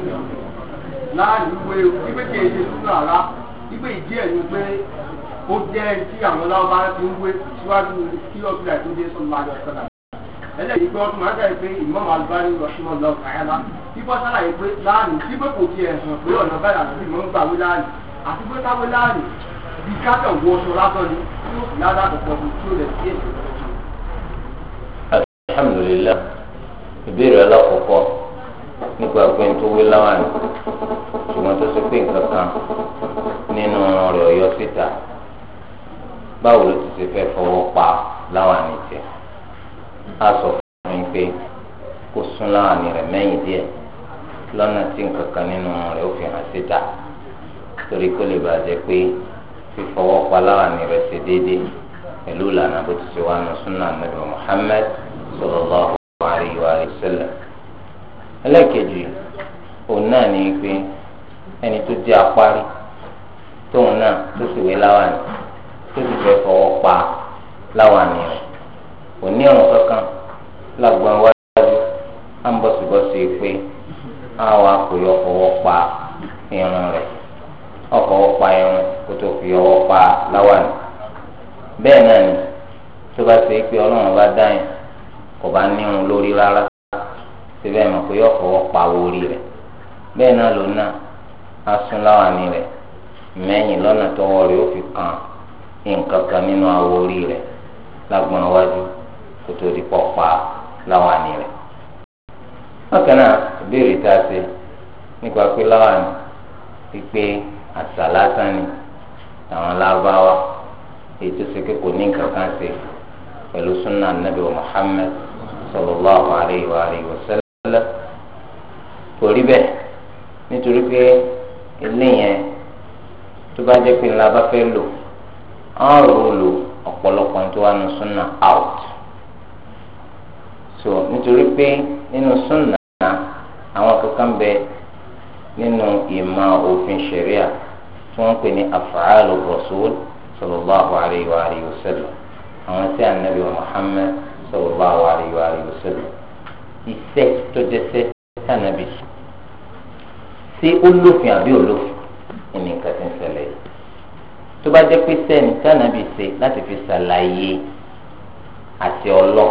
Speaker 2: láàrin ìwé ìwé kéde sínú ìgbé ó jẹ́ tí àwọn lábá ti ń wé síwájú kí ọ̀gbìn àti oúnjẹ sọ̀rọ̀ máa lọ sọ̀rọ̀ ẹlẹ́yìí pé ọtún máa ń pé ìmọ̀ alùbárí ọ̀ṣunmọ̀ lọ kàyàlá bíbọ́ sálàyé pé láàánú tí pé kò tiẹ̀ hàn pé ọ̀nà báyà ló sì ń gbà wé àti pé káwé láàánú bí kájọ̀ wọ ọṣọ lásán ni tí ó sì lára àkọ́kọ́ ó lẹ̀ sí
Speaker 1: nípa pé tó wé láwọn àná ṣùgbọ́n tó ṣe pé nǹkan kan nínú rẹ̀ ọ̀yọ́ síta báwo ló ti ṣe fẹ́ fọwọ́ pa láwọn àmì jẹ a sọ fún mi pé kó sún láwọn àmì rẹ mẹ́yìn díẹ̀ lọ́nà tí nǹkan kan nínú rẹ ó fi hàn síta torí kó lè bàjẹ́ pé fífọwọ́ pa láwọn àmì rẹ ṣe déédéé pẹ̀lú ìlànà bó ti ṣe wà nù súnà nàbẹ̀ Muhammad sallallahu alaihi wa sallam ẹlẹ́ẹ̀kejì òun náà ní pé ẹni tó jẹ́ apárí tóun náà tó sì wé láwọn àmì. tó ti fẹ́ fọwọ́ pa láwọn àmì ní kankan lágbọ́n wájú á ń bọ̀sibọ́sì pé àwọn akòyọ̀ fọwọ́ pa irun rẹ̀ ọ̀fọwọ́ pa irun kó tó fi ọwọ́ pa láwọn àmì bẹ́ẹ̀ náà ni tó bá ṣe pé ọlọ́run bá dá yẹn kò bá lórí rárá síbẹ̀ mọ̀ pé fọwọ́ pa orí rẹ̀ fi kàn nǹkan kan nínú awọ orí rẹ̀ lágbọ̀n iwájú kó tó di pọ̀ pa láwàní rẹ̀. bákan náà ìbéèrè tá a ṣe nípa pé láwàní pípé àṣà lásán ni àwọn lábáwá èyí tó ṣe pé ní nǹkan kan ṣe pẹ̀lú sunnah nabi wa muhammed sallallahu alayhi wa alayhi wa sallam torí bẹ́ẹ̀ nítorí pé eléyẹn tó bá jẹ́ pé ńlá bá fẹ́ lò. àwọn rúlù ọ̀pọ̀lọpọ̀ tó wà ní súnà so nítorí pé nínú súnà àwọn kankan bẹ nínú ìmọ̀ òfin ṣẹ̀ríà tí wọ́n pè ní af'alu rasul sallallahu alayhi wa alihi àwọn tí anabi wa muhammed sallallahu alayhi wa alihi iṣẹ́ tó dẹ́sẹ́ tí àbí tó bá jẹ́ pé sẹ́ni tánàbì ṣe láti fi ṣàlàyé àti ọlọ́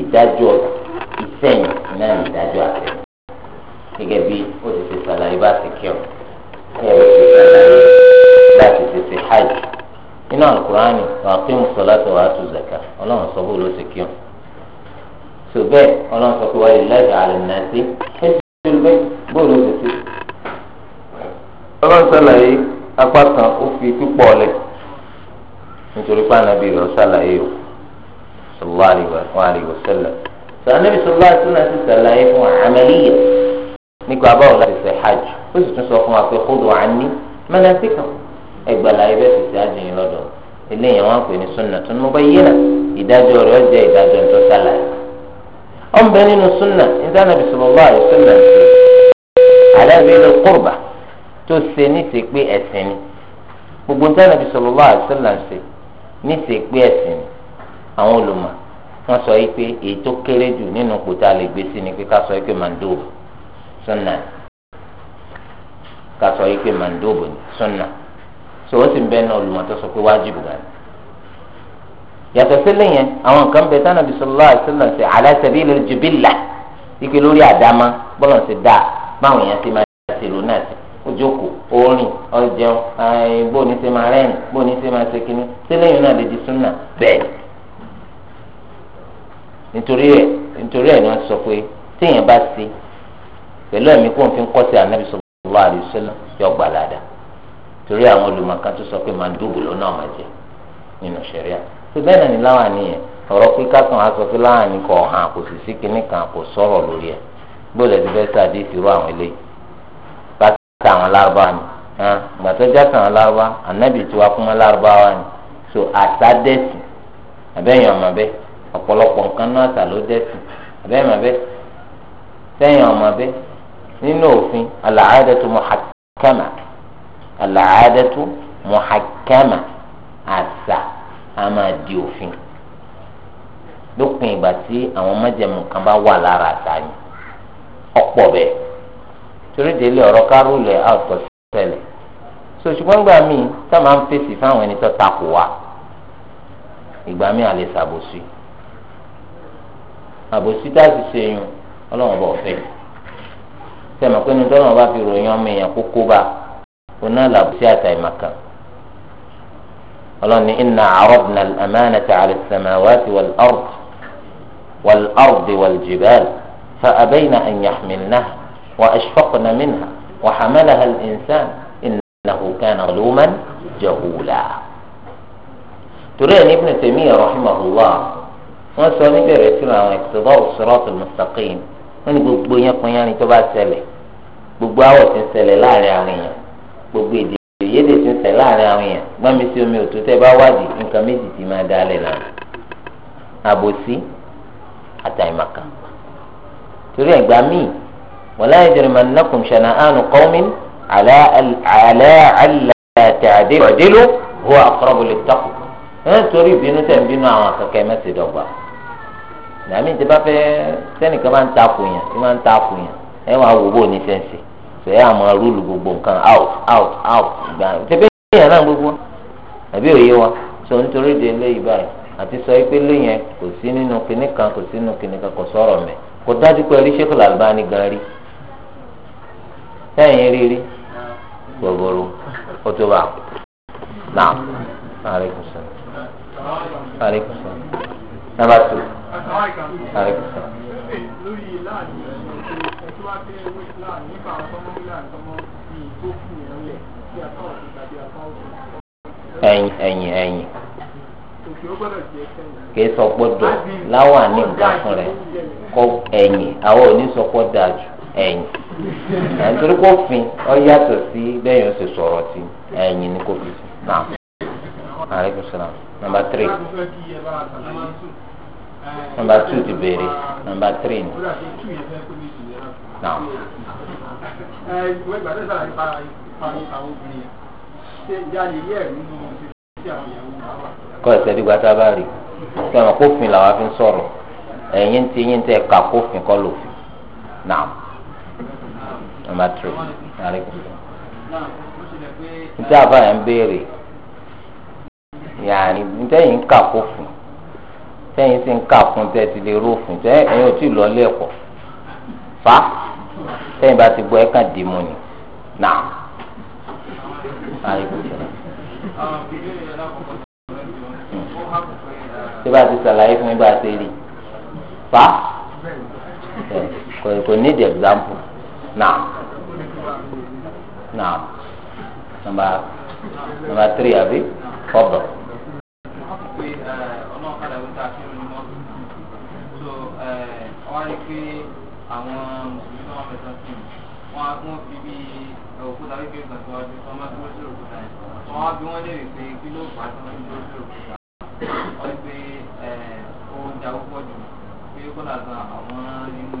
Speaker 1: ìdájọ́ ìsẹ́yìn náà ìdájọ́ àtẹ gẹ́gẹ́ bí ó ti ṣe ṣàlàyé bá ti kí ọ ẹ ó ti ṣàlàyé bá ti ṣe ṣe hajj nínú alukurani wàá pé musolata wàá tu zaka ọlọ́run sọ bó ló ṣe kí ọ tó bẹ́ẹ̀ ọlọ́run sọ pé wàá lè láyé náà sí ẹ ti ṣe bó ló ṣe kí ọlọ́run sọ apá kan ó fi pípọ̀ lẹ̀ nítorí pé ànábì rẹ̀ ṣàlàyé o sallallahu alayhi wa sallam sànẹ́bí sallallahu alayhi wa ti ṣàlàyé fún àmàlíyà nípa la ṣe hajj ó sì tún sọ fún wa pé khudu anni manasikakum ẹgbàlá ibẹ̀ ti ṣe hajj lọ́dọ̀ eléyìí àwọn ní ìdájọ́ rẹ̀ jẹ́ ìdájọ́ tó ṣàlàyé ọ̀nbẹ nínú sunna sallallahu wa sallam tó ṣe ní ṣe pé ẹ̀sìn ni gbogbo nítorí Ànábì sallallahu alaihi wasallam ṣe ní ṣe pé ẹ̀sìn ni àwọn olùmọ̀ wọ́n sọ yìí pé èyí tó kéré jù nínú kòtà lè gbé sí ni pé ká sọ yìí pé mandóòbù sunna ká sọ yìí pé mandóòbù sunna so ó sì ń bẹ ní olùmọ̀ tó sọ pé wájibù gan yàtọ̀ sílẹ̀ yẹn àwọn nǹkan bẹ tánàbí sallallahu alaihi ṣe ala sabilil jibilla ike lórí àdámá bọ́lọ̀ ṣe dáa báwọn èèyàn ti máa ṣe lónà sí ojoko orin ọjẹun ẹ bóni ṣe máa rẹ́ẹ̀n bóni ṣe máa ṣe kínní sílẹ̀yìn náà lè di súnà bẹ́ẹ̀ nítorí ẹ̀ nítorí ẹ̀ sọ pé téèyàn bá ṣe pẹ̀lú ẹ̀mí kó n fi yọ torí àwọn tó sọ pé ma ń dùbò lónà ọmọ jẹ nínú ṣẹ̀ríà tó bẹ́ẹ̀ náà ni láwọn àníyàn ọ̀rọ̀ pé kásán á sọ pé hàn kò sì sí kinní kan kò sọ̀rọ̀ lórí ẹ̀ gbọ́dọ̀ ti fẹ́ sáà dé tàwọn lárúbá ni gbàtọ́jà tàwọn lárúbá ànábì tiwa kúmọ́ lárúbá wa ni so àṣà dẹ́sì àbẹ́yìn ọmọ bẹ́ ọ̀pọ̀lọpọ̀ nǹkan náà àṣà ló dẹ́sì àbẹ́yìn ọmọ bẹ́ sẹ́yìn ọmọ bẹ́ nínú òfin al-aadatu muhakkama al-aadatu muhakkama àṣà a máa di òfin lópin ìgbà tí àwọn májẹ̀mú kan bá wà lára àṣà yìí ọ̀pọ̀ bẹ́ẹ̀ torí délé ọ̀rọ̀ kárùlẹ̀ àtọ̀ tẹ̀lẹ̀ so ṣùgbọ́n gbà mí tá máa ń fèsì fáwọn ẹni tó takò wá ìgbà mí àlè ṣàbòsí àbòsí tá a ti ṣe yun ọlọ́run bọ̀ fẹ́ sẹ́mi pé ní tọ́lọ́run bá fi ròyìn ọmọ èèyàn kókó bá oná làbòsí àtàìmọ̀kan ọlọ́run ní inna àrọ́bìnà àmánàtà àlè sàmáwáàtì wàlọ́rd wàlọ́rd wàlùjìbẹ́ẹ̀lì fa àbẹ́yìn àyànmìnà. وأشفقنا منها وحملها الإنسان إنه كان ظلوما جهولا ترين ابن تيمية رحمه الله wọ́n sọ níbẹ̀rẹ̀ sí àwọn ìtọ́bọ̀ òṣùrọ̀tò mùsàkìm wọ́n ní gbogbo yẹn kan yẹn ni tó bá ṣẹlẹ̀ gbogbo àwọ̀ ti ń ṣẹlẹ̀ láàrin àwọn èèyàn gbogbo èdè ìyédè ti ń ṣẹlẹ̀ láàrin àwọn èèyàn gbọ́nmi sí omi òtún tẹ́ bá wádìí nǹkan méjì ti máa dálẹ̀ náà àbòsí àtàìmọ̀kan torí ẹ̀gbá míì ولا يجرمنكم شنآن قوم على على ألا تعدلوا اعدلوا هو أقرب للتقوى ẹ torí ìbínú tẹ̀ ń bínú àwọn akẹ́kẹ́ mẹ́sì dọ́gba nàmí tí bá fẹ́ sẹ́nìkan máa ń ta àkùnyàn tí máa ń ta àkùnyàn ẹ wàá wò bó ní sẹ́ǹsì sọ ẹ àmọ́ rúùlù gbogbo nǹkan out out out gbà tẹ́fẹ́ èèyàn náà gbogbo àbí òye wa sọ nítorí de léyìí báyìí àti sọ pé léyìn kò sí nínú kinní kan kò sí nínú kinní kan kò sọ̀rọ̀ mẹ́ kò dájú pé rí Sheikh al gan rí sẹ́yìn rírí ah. gbogbooro ó tó bá náà aleykum sọ aleykum enyi nàbà tó aleykum sọ. ẹyin ẹyin ẹyin kì sọ láwọn àní nǹkan fún ẹ̀yìn nítorí kó fin ọ sí bẹ́ẹ̀ yóò ṣe sọ̀rọ̀ sí ẹ̀yìn ní kó fi náà aleykum salaam nọmba tiri,
Speaker 2: nọmba tu ti béèrè nọmba tírì ni
Speaker 1: kọ́ ẹ̀sẹ̀ bí gbàtà bá rí kí ọmọ làwọn fi ń sọ̀rọ̀ kọ́ náà. number three níta àbáyọ ń béèrè yàrá ntẹ́yìn ń kà kó fún tẹ́yìn sì ń kà fún tẹ́ ti lè ró fún tẹ́ ẹ̀yin ò tí ì lọ ilé ẹ̀kọ́ fa tẹ́yìn bá ti gbọ́ ẹ̀ kàn dìímù ni nà. tí bá ti sàlàyé fún mi bá ti rí fa kò ní di example naam naam nàmbà nàmbà tírì àbí fọ́bọ̀.
Speaker 2: àwọn mùsùlùmí náà mẹ́ta sí wọn wọ́n fi bí òkúta wípé nǹkan tó wá tó lóṣù òkúta yẹn wọn wá bí wọ́n léèrè pé kí ló fà á tí wọ́n fi lóṣù òkúta wọ́n ní pé oúnjẹ àwòpọ̀ jù pé kọ́lá gan àwọn nínú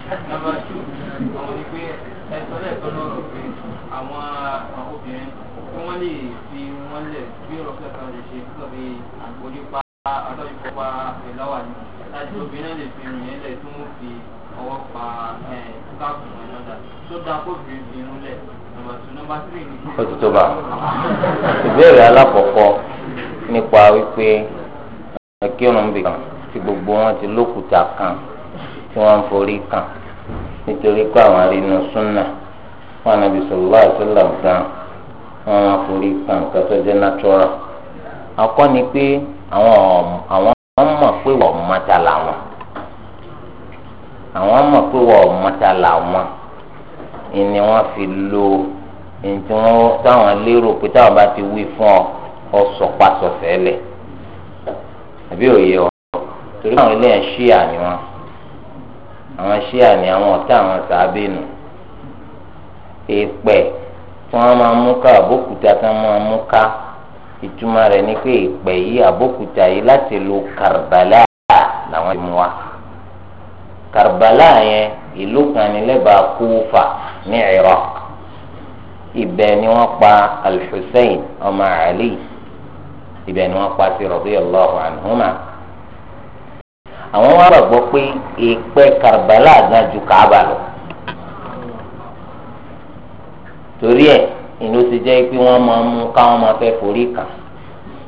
Speaker 2: ó ti tó bá ìbéèrè alákọ̀ọ́kọ́
Speaker 1: nípa wípé ẹ̀kírun bì kan tí gbogbo wọn ti lókùúta kan tí wọ́n ń forí kan nítorí pé àwọn arínú súnà wọn ànábi sallallahu alaihi wasallam gan wọn máa forí kan nǹkan tó jẹ́ natural akọ́ ni pé àwọn àwọn mọ̀ pé wọ́n mọ̀ta làwọn àwọn mọ̀ pé wọ́n mọ̀ta làwọn ni wọ́n fi lo ntí wọ́n táwọn lérò pé táwọn bá ti wí fún ọ ọsọpasọsẹ lẹ àbí òye ọ torí àwọn ilé yẹn ṣíà ni wọn àwọn ṣíà ni àwọn ọ̀tá àwọn sàábìnù èèpẹ̀ tí wọ́n máa mú ká àbókúta tí wọ́n máa mú ká ìtumọ̀ rẹ̀ ni pé èèpẹ̀ yìí àbókúta yìí láti lu Karbala làwọn ti mú wa. Karbala yẹn ìlú kan ní lẹ́bàá Kúfà ní Iraq ibẹ̀ ni wọ́n pa Al-Hussein ọmọ Ali ibẹ̀ ni wọ́n pa sí radiyallahu anhuma àwọn wọn gbàgbọ́ pé ìpẹ́ Karbala gan ju Kaaba lọ torí ẹ̀ ìlú ti jẹ́ pé wọ́n máa mú káwọn máa fẹ́ forí kàn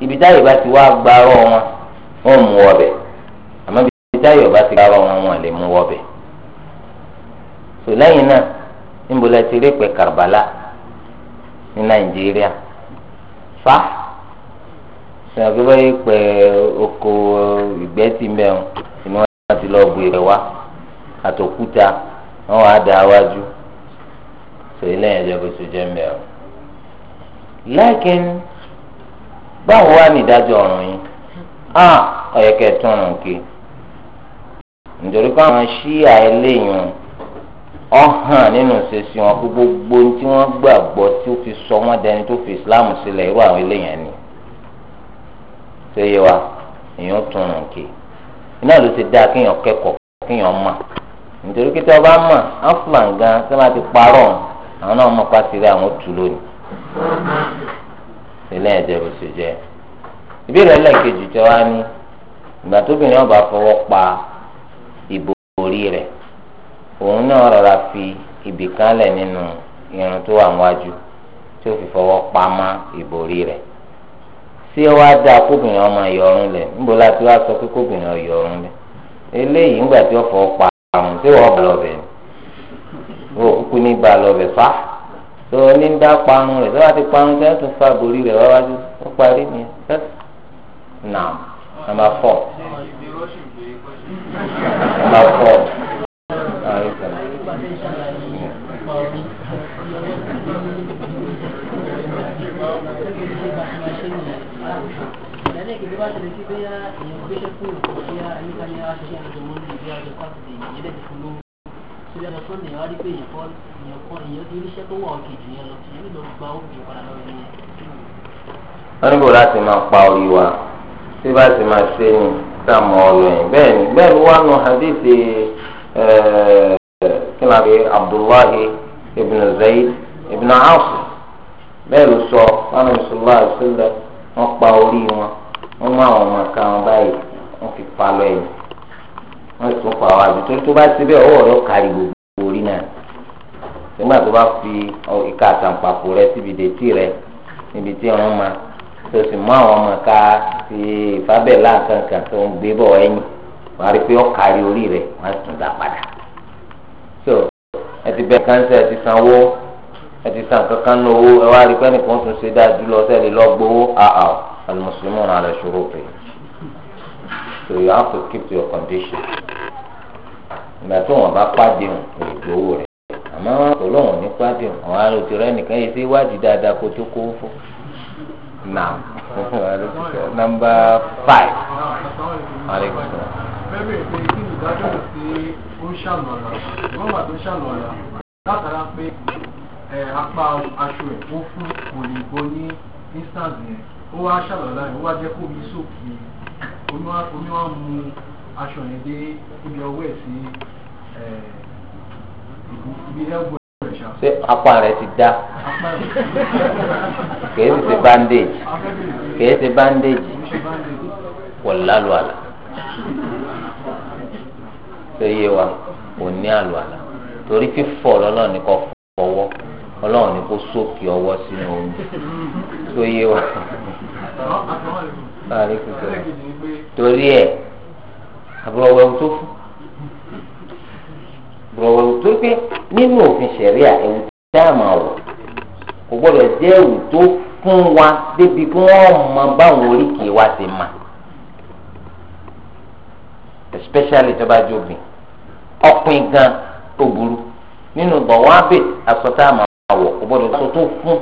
Speaker 1: ibi táyé bá ti wá gbárò wọn wọ́n mú ọbẹ̀. táyọ̀ bá ti bára wọn wọn lè mú wọbẹ̀ so lẹ́yìn náà níbo la ti rí pẹ̀ Karbala ní Nàìjíríà fa sọ̀rọ̀ pẹ̀ oko ìgbẹ́ ti mẹ́rin ti lọ bu ìrẹ̀ wá àtòkúta wọn da wájú so bó nítorí pé àwọn ṣíà eléyìí ọ nínú ṣèṣì wọn pé gbogbo tí wọ́n gbàgbọ́ tí ó fi sọ wọ́n dẹni tó fi islam sílẹ̀ irú àwọn eléyìí ni ṣé yé wa èèyàn tún un kì iná ló ti dáa kéèyàn kẹ́kọ̀ọ́ kéèyàn mọ̀ nítorí tí wọ́n bá mọ̀ gan tí wọ́n ti parọ́ àwọn náà mọ̀ pàṣírí àwọn lónìí ẹ̀jẹ̀ bó ṣe jẹ́ ìbéèrè ẹlẹ́ẹ̀kejì àgbọ́yé rẹ̀ òun náà rọra fi ibì kan nínú irun tó wà wájú tí ó fi fọwọ́ pamọ́ ìbòrí rẹ̀ tí ó wá dáa kóbìnrin ọmọ ìyọrùn lẹ̀ níbo la ti wá sọ pé kóbìnrin ọ̀yọ̀rùn lẹ̀ eléyìí ńgbà tí ó fọwọ́ pa àrùn tí wọ́n bá lọ ni wọ́n kúkú ní bá lọ bẹ̀ tó ní ń dá parun rẹ̀ tó ti parun tí fa ìbòrí rẹ̀ wá wájú ó parí nàmbà fọ́.
Speaker 2: àkọ́ àìsàn. sílẹ̀ lọ sọ́nà ìwà rí pé èèyàn kọ́ èèyàn kọ́ èèyàn ti ríṣẹ́ tó wà òkè jù yẹn lọ sí ẹni lọ gba òkè padà lọ rí yẹn.
Speaker 1: wọ́n ní kò láti máa pa orí wa tí bá ti máa ṣe ni. dààmú ọ̀rọ̀ yẹn bẹ́ẹ̀ ni bẹ́ẹ̀ ló wà nù hadithi eh, kílàbí abdullahi ibn zayd ibn aasi bẹ́ẹ̀ ló sọ wọn ní sọlá àṣìlẹ̀ wọn pa orí wọn wọn mú tó sì mú àwọn ọmọ ká ti ìfábẹ́lá kankan tó ń gbé bọ̀ ẹ̀yìn wàá rí pé ọ̀kárí orí rẹ̀ wọ́n á tún dá padà. so ẹ ti bẹ kánsẹ̀ ẹ ti sanwó ẹ ti san kankan ní owó ẹ wá rí pé ẹnìkan tún ṣe dáa jùlọ sẹ́ni lọ́gbọ́wọ́ àà al-muslimun ala shurutin so you have to keep to your condition ìgbà tó wọn bá pàdé wọn kò lè gbowó rẹ̀ àmọ́ wọn kò lóun ní pàdé wọn àwọn aròtí rẹ nìkan yìí sí wádìí dáadáa kó tó kó fún un. Now, number five. Aleykum salaam.
Speaker 2: Bẹ́ẹ̀ni pé kí ni ìdájọ́ sí ó ṣàlọ́lá? Wọ́n wà tó ṣàlọ́lá látara pé apá aṣọ ẹ̀ ó fún òyìnbó ní instance yẹn. Ó wá ṣàlọ́lá yẹn, ó wá jẹ́ kó mi sókè. Omi wá mu
Speaker 1: ṣé apá rẹ ti dá kèé sì ṣe bandage kèé ṣe bandage wọ lálù àlà ṣé yé wa kò ní àlù àlà torí fífọ̀ lọ́lọ́run ní kò fọwọ́ ọlọ́run ní kò sókè ọwọ́ sínú omi ṣé yé wa torí ẹ àbúrò wẹ̀wù tó fún àbúrò wẹ̀wù tó pé nínú òfin ṣẹ̀ríà ẹ̀wù tí a máa wọ̀ kò gbọ́dọ̀ jẹ́ ẹ̀wù tó fún wa débi kí wọ́n mọ báwọn oríkèé wa ti mà especially tó bá jóbi ọ̀pìn gan tó burú nínú bọ̀wábè aṣọ tá a máa wọ̀ kò gbọ́dọ̀ sọ tó fún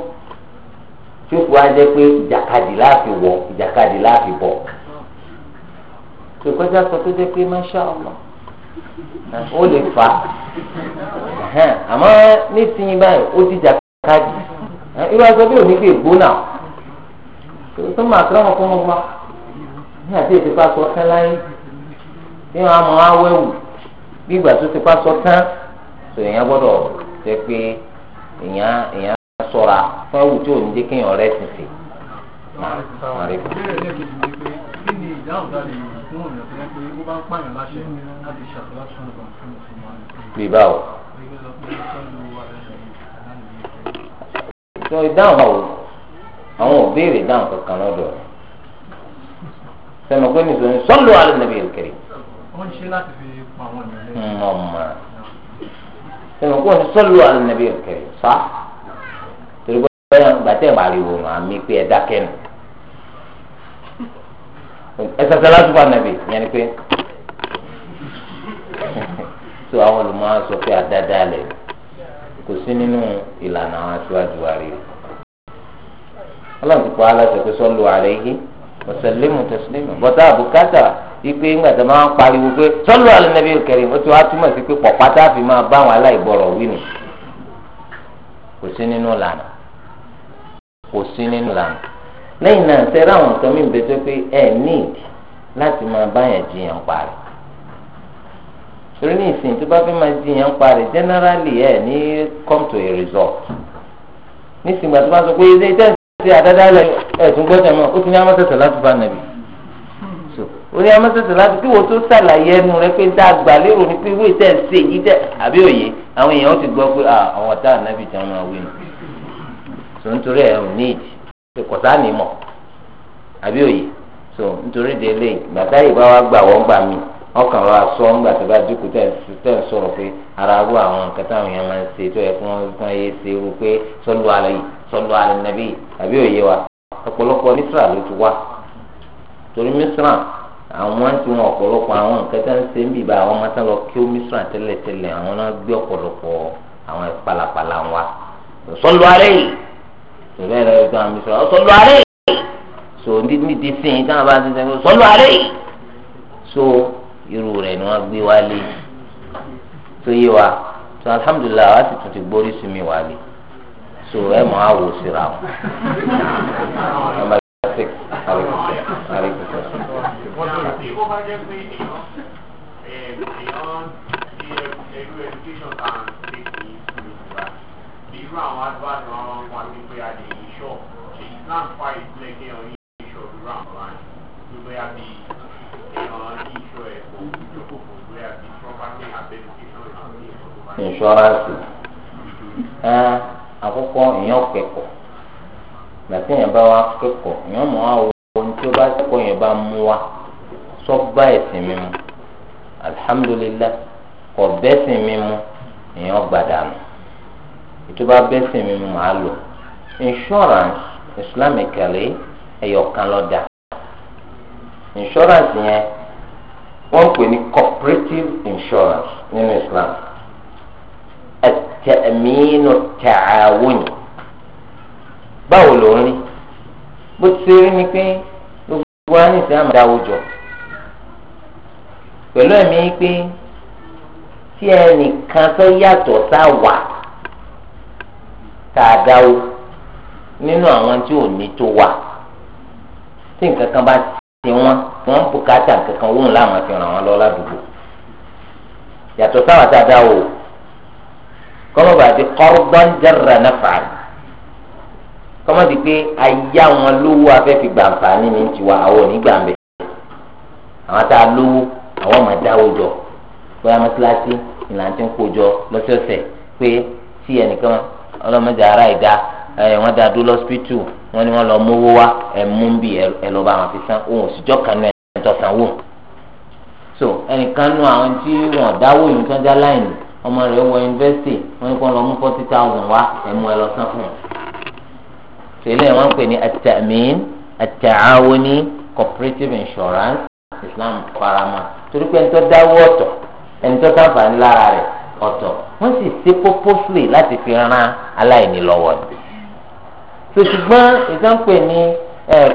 Speaker 1: tí ó fi wá jẹ́ pé ìjàkadì láàfin wọ̀ ìjàkadì láàfin bọ̀ kò kọjá sọ tó jẹ́ pé masha Allah. ó lè fà á àmọ́ ní tiyín báyìí ó ti jà káàdì irú aṣọ bí òní gbè gbóná tó máa tẹ́lẹ̀ si fún ní àti ètò ìfà sọ tán láyé bí wọn á mọ bí ìgbà tó ti fà sọ tán sọ èèyàn gbọ́dọ̀ jẹ́ pé èèyàn èèyàn ṣọ́ra fún tí ò ní kéèyàn bí báwo. sọ ìdáhùn àwọn àwọn ò béèrè ìdáhùn kankan lọ́dọ̀ rẹ̀ sẹ́nu pé nìṣó ni sọ́lù alẹ́ nàbí ìkẹrì.
Speaker 2: wọ́n ṣe láti fi pa àwọn ènìyàn
Speaker 1: lẹ́yìn. ọmọ sẹ́nu pé wọ́n ṣe sọ́lù alẹ́ nàbí ìkẹrì sá torí pé báyọ̀ gbàtẹ́ màá rí àmì pé ẹ dákẹ́ ẹsẹ sẹlẹsù bá nàbì yẹn ni pé tó àwọn olùmọ̀ sọ pé àdáadáa lẹ kò sí nínú ìlànà àwọn aṣáájú wa rí ọlọ́run ti pa aláṣẹ pé sọ́lù ààrẹ yìí mùsùlùmí tẹ̀sílẹ̀mù bọ́tà àbùkátà ipe ńgbà tó máa ń pariwo pé sọ́lù àlùnàbí kẹrin ó ti wá túmọ̀ sí pé pọ̀pátá fi máa bá àwọn aláìgbọ̀rọ̀ wí nù kò sí nínú ìlànà kò sí nínú ìlànà lẹ́yìn náà sẹ́rẹ́ àwọn nǹkan mí bẹ́ẹ̀ tó pé ẹ níìd láti máa báyàn jiyàn parí torí ní ìsìn tó bá fẹ́ máa jiyàn parí generally ẹ ní come to a result ní ìsìn gbàtú bá sọ pé ilé iṣẹ́ ṣe àdáda lẹ ẹ̀sùn gbọ́dọ̀ mọ́ ó ti ní amọ́tẹ̀tẹ̀ láti bá nàbì ó ní amọ́tẹ̀tẹ̀ láti kí wo tó ṣàlàyé ẹnu rẹ pé dá àgbà lérò ní pé ìwé iṣẹ́ ṣe yí dẹ́ àbí òye àwọn èèyàn ó ti gbọ́ pé ah, àwọn ọ̀tá ànábì jẹun máa wí nù tó torí ẹ̀ ò ní ìdí kọ̀tà ni mọ̀ àbí so nítorí de gbàtà ìbá wa gbà wọ́n gbà mí ọkàn wa sọ ńgbà tó bá dúkù tẹ̀ sọ̀rọ̀ pé ara rú àwọn nǹkan táwọn èèyàn máa ń ṣe tó yẹ kí wọ́n kàn yé ṣe irú pé sọ́lù alẹ́ sọ́lù alẹ́ nàbí wa ọ̀pọ̀lọpọ̀ mísírà ló ti wá
Speaker 2: torí mísírà àwọn tí wọn ọ̀pọ̀lọpọ̀ àwọn nǹkan
Speaker 1: tá ń ìrẹ́ rẹ̀ gbà mí sọ̀rọ̀ sọ́lọ́ àárẹ̀ so nídìí sìn táwọn bá ti sẹ́yìn sọ́lọ́ àárẹ̀ so irú rẹ̀ ni wọ́n gbé wálé tó yé wa so alhamdulilah wa ti tún ti gbórí sí mi wálé so ẹ mọ àwò síra wọn.
Speaker 2: Number six, irú àwọn adúláṣọ àwọn ọmọ wa ní pé adé sure ṣe Islam fa ìpínlẹ̀ kéèyàn ní ìṣọ̀ ìrọ̀ àmọ́láyìn ló bóyá bí kéèyàn ní ìṣọ̀ ẹ̀kọ́ ìjókòó bóyá bí property abẹ́nukéṣọ̀ ìṣọ̀
Speaker 1: ìṣọ̀ insurance ẹ àkọ́kọ́ èèyàn kẹ́kọ̀ọ́ gbàtí èèyàn bá wa kẹ́kọ̀ọ́ èèyàn mọ̀ á wo ohun tí ó bá kọ́ èèyàn bá mú wa sọ́gbà ẹ̀sìn mímu alhamdulilayi kọ̀ bẹ́sìn mímu èèyàn gbàdánù ètò bá bẹ́sìn mímu màá lò. insurance islamically ẹ̀yọ̀kan lọ́dà insurance yẹn wọ́n pè ní cooperative insurance nínú islam ẹ̀tẹ̀mínú tààwọ̀nyì báwo ló ń rí bó ti rí ni pé gbogbo wa ní ìsìn àmọ́ dáwọ́ jọ pẹ̀lú ẹ̀mí pé tí ẹnìkan tó yàtọ̀ sáwà tá a dáwọ́. nínú àwọn tí ò ní tó wà tí nǹkan kan bá ti wọn wọn ń bùkátà nǹkan kan wọ́n láwọn fi ràn wọ́n lọ ládùúgbò yàtọ̀ sáwà tá a dá o kọ́mọ̀bà ti kọ́rọ́gbọ́n jẹ́rẹ̀ náfà kọ́mọ̀dé pé ayá wọn lówó afẹ́fì gbàǹfààní ní tiwa àwọn onígbàǹbẹ̀ àwọn tá a lówó àwọn ọmọ dáwó jọ bóyá mọ́tíláṣí ìlànà tí ń kó jọ lọ́sọ̀ọ̀sẹ̀ pé tí ẹnìkan ọlọ́mọdé ara ìdá ẹ wọ́n dá dúró lọ́sípítù wọ́n ní wọ́n lọ mówó wá ẹ mú bí ẹ lọ bá wọn fi san òun òsìjọ́ kan náà ẹ tọ́ sanwó. so ẹnìkan nu àwọn tí wọ́n dáwó yìí tó ń dá láìní ọmọ rẹ̀ wọ yunifásitì wọ́n ní kó lọ mú forty thousand wá ẹ mú ẹ lọ san fún un. tẹ́lẹ̀ wọ́n pè ní atamin ataawoni cooperative insurance islam farama torí pé ẹni tó dáwó ọ̀tọ̀ ẹni tó sáǹfà ńlára rẹ̀ ọ̀tọ̀ wọ́n sì ṣe purposely láti fi ran aláìní lọ́wọ́ ni ṣùgbọ́n ìsànpè ní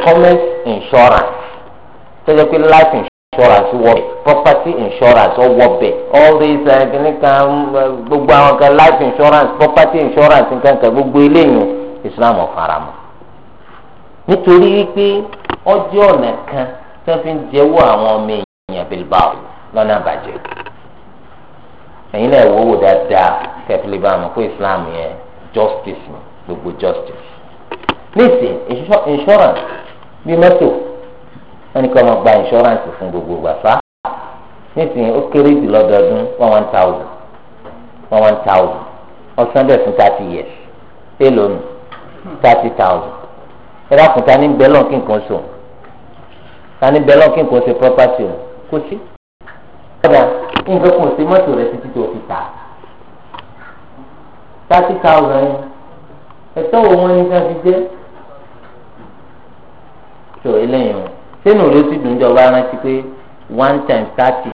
Speaker 1: commerce insurance tẹ́lẹ̀ pé life insurance wọ̀ bẹ̀ property insurance wọ̀ bẹ̀ all these nǹkan um, gbogbo àwọn kan life insurance property insurance nǹkan kan gbogbo eléyìí Islam ọ̀faramọ́ nítorí wípé ọjọ́ ọ̀nà kan tó fi ń jẹ́wọ́ àwọn ọmọ èèyàn bilbao lọ́nà àbàjẹ́ ẹ̀yin náà wò wò dáadáa kẹfìlì bá a mọ̀ pé Islam yẹn justice ni gbogbo justice nísìn insurance bí mọ́tò wọn ni kí wọ́n gba insurance fún gbogbo gbàfá nísìn ó kéré jù lọ́dọọdún one one thousand one one thousand ọ̀sán bẹ̀ fún thirty years èlò nù thirty thousand ẹ̀rọ àkùntà ní bẹ́lọ̀ kí nǹkan sùn ta ní bẹ́lọ̀ kí nǹkan ṣe property o kò sí. kódà nǹkan kò sí mọ́tò rẹ̀ títí tó fi tà thirty thousand ẹ̀tọ́ wo wọ́n ní ká jẹ́. tó eléyìí o sínú ló sì ọba rántí pé one times thirty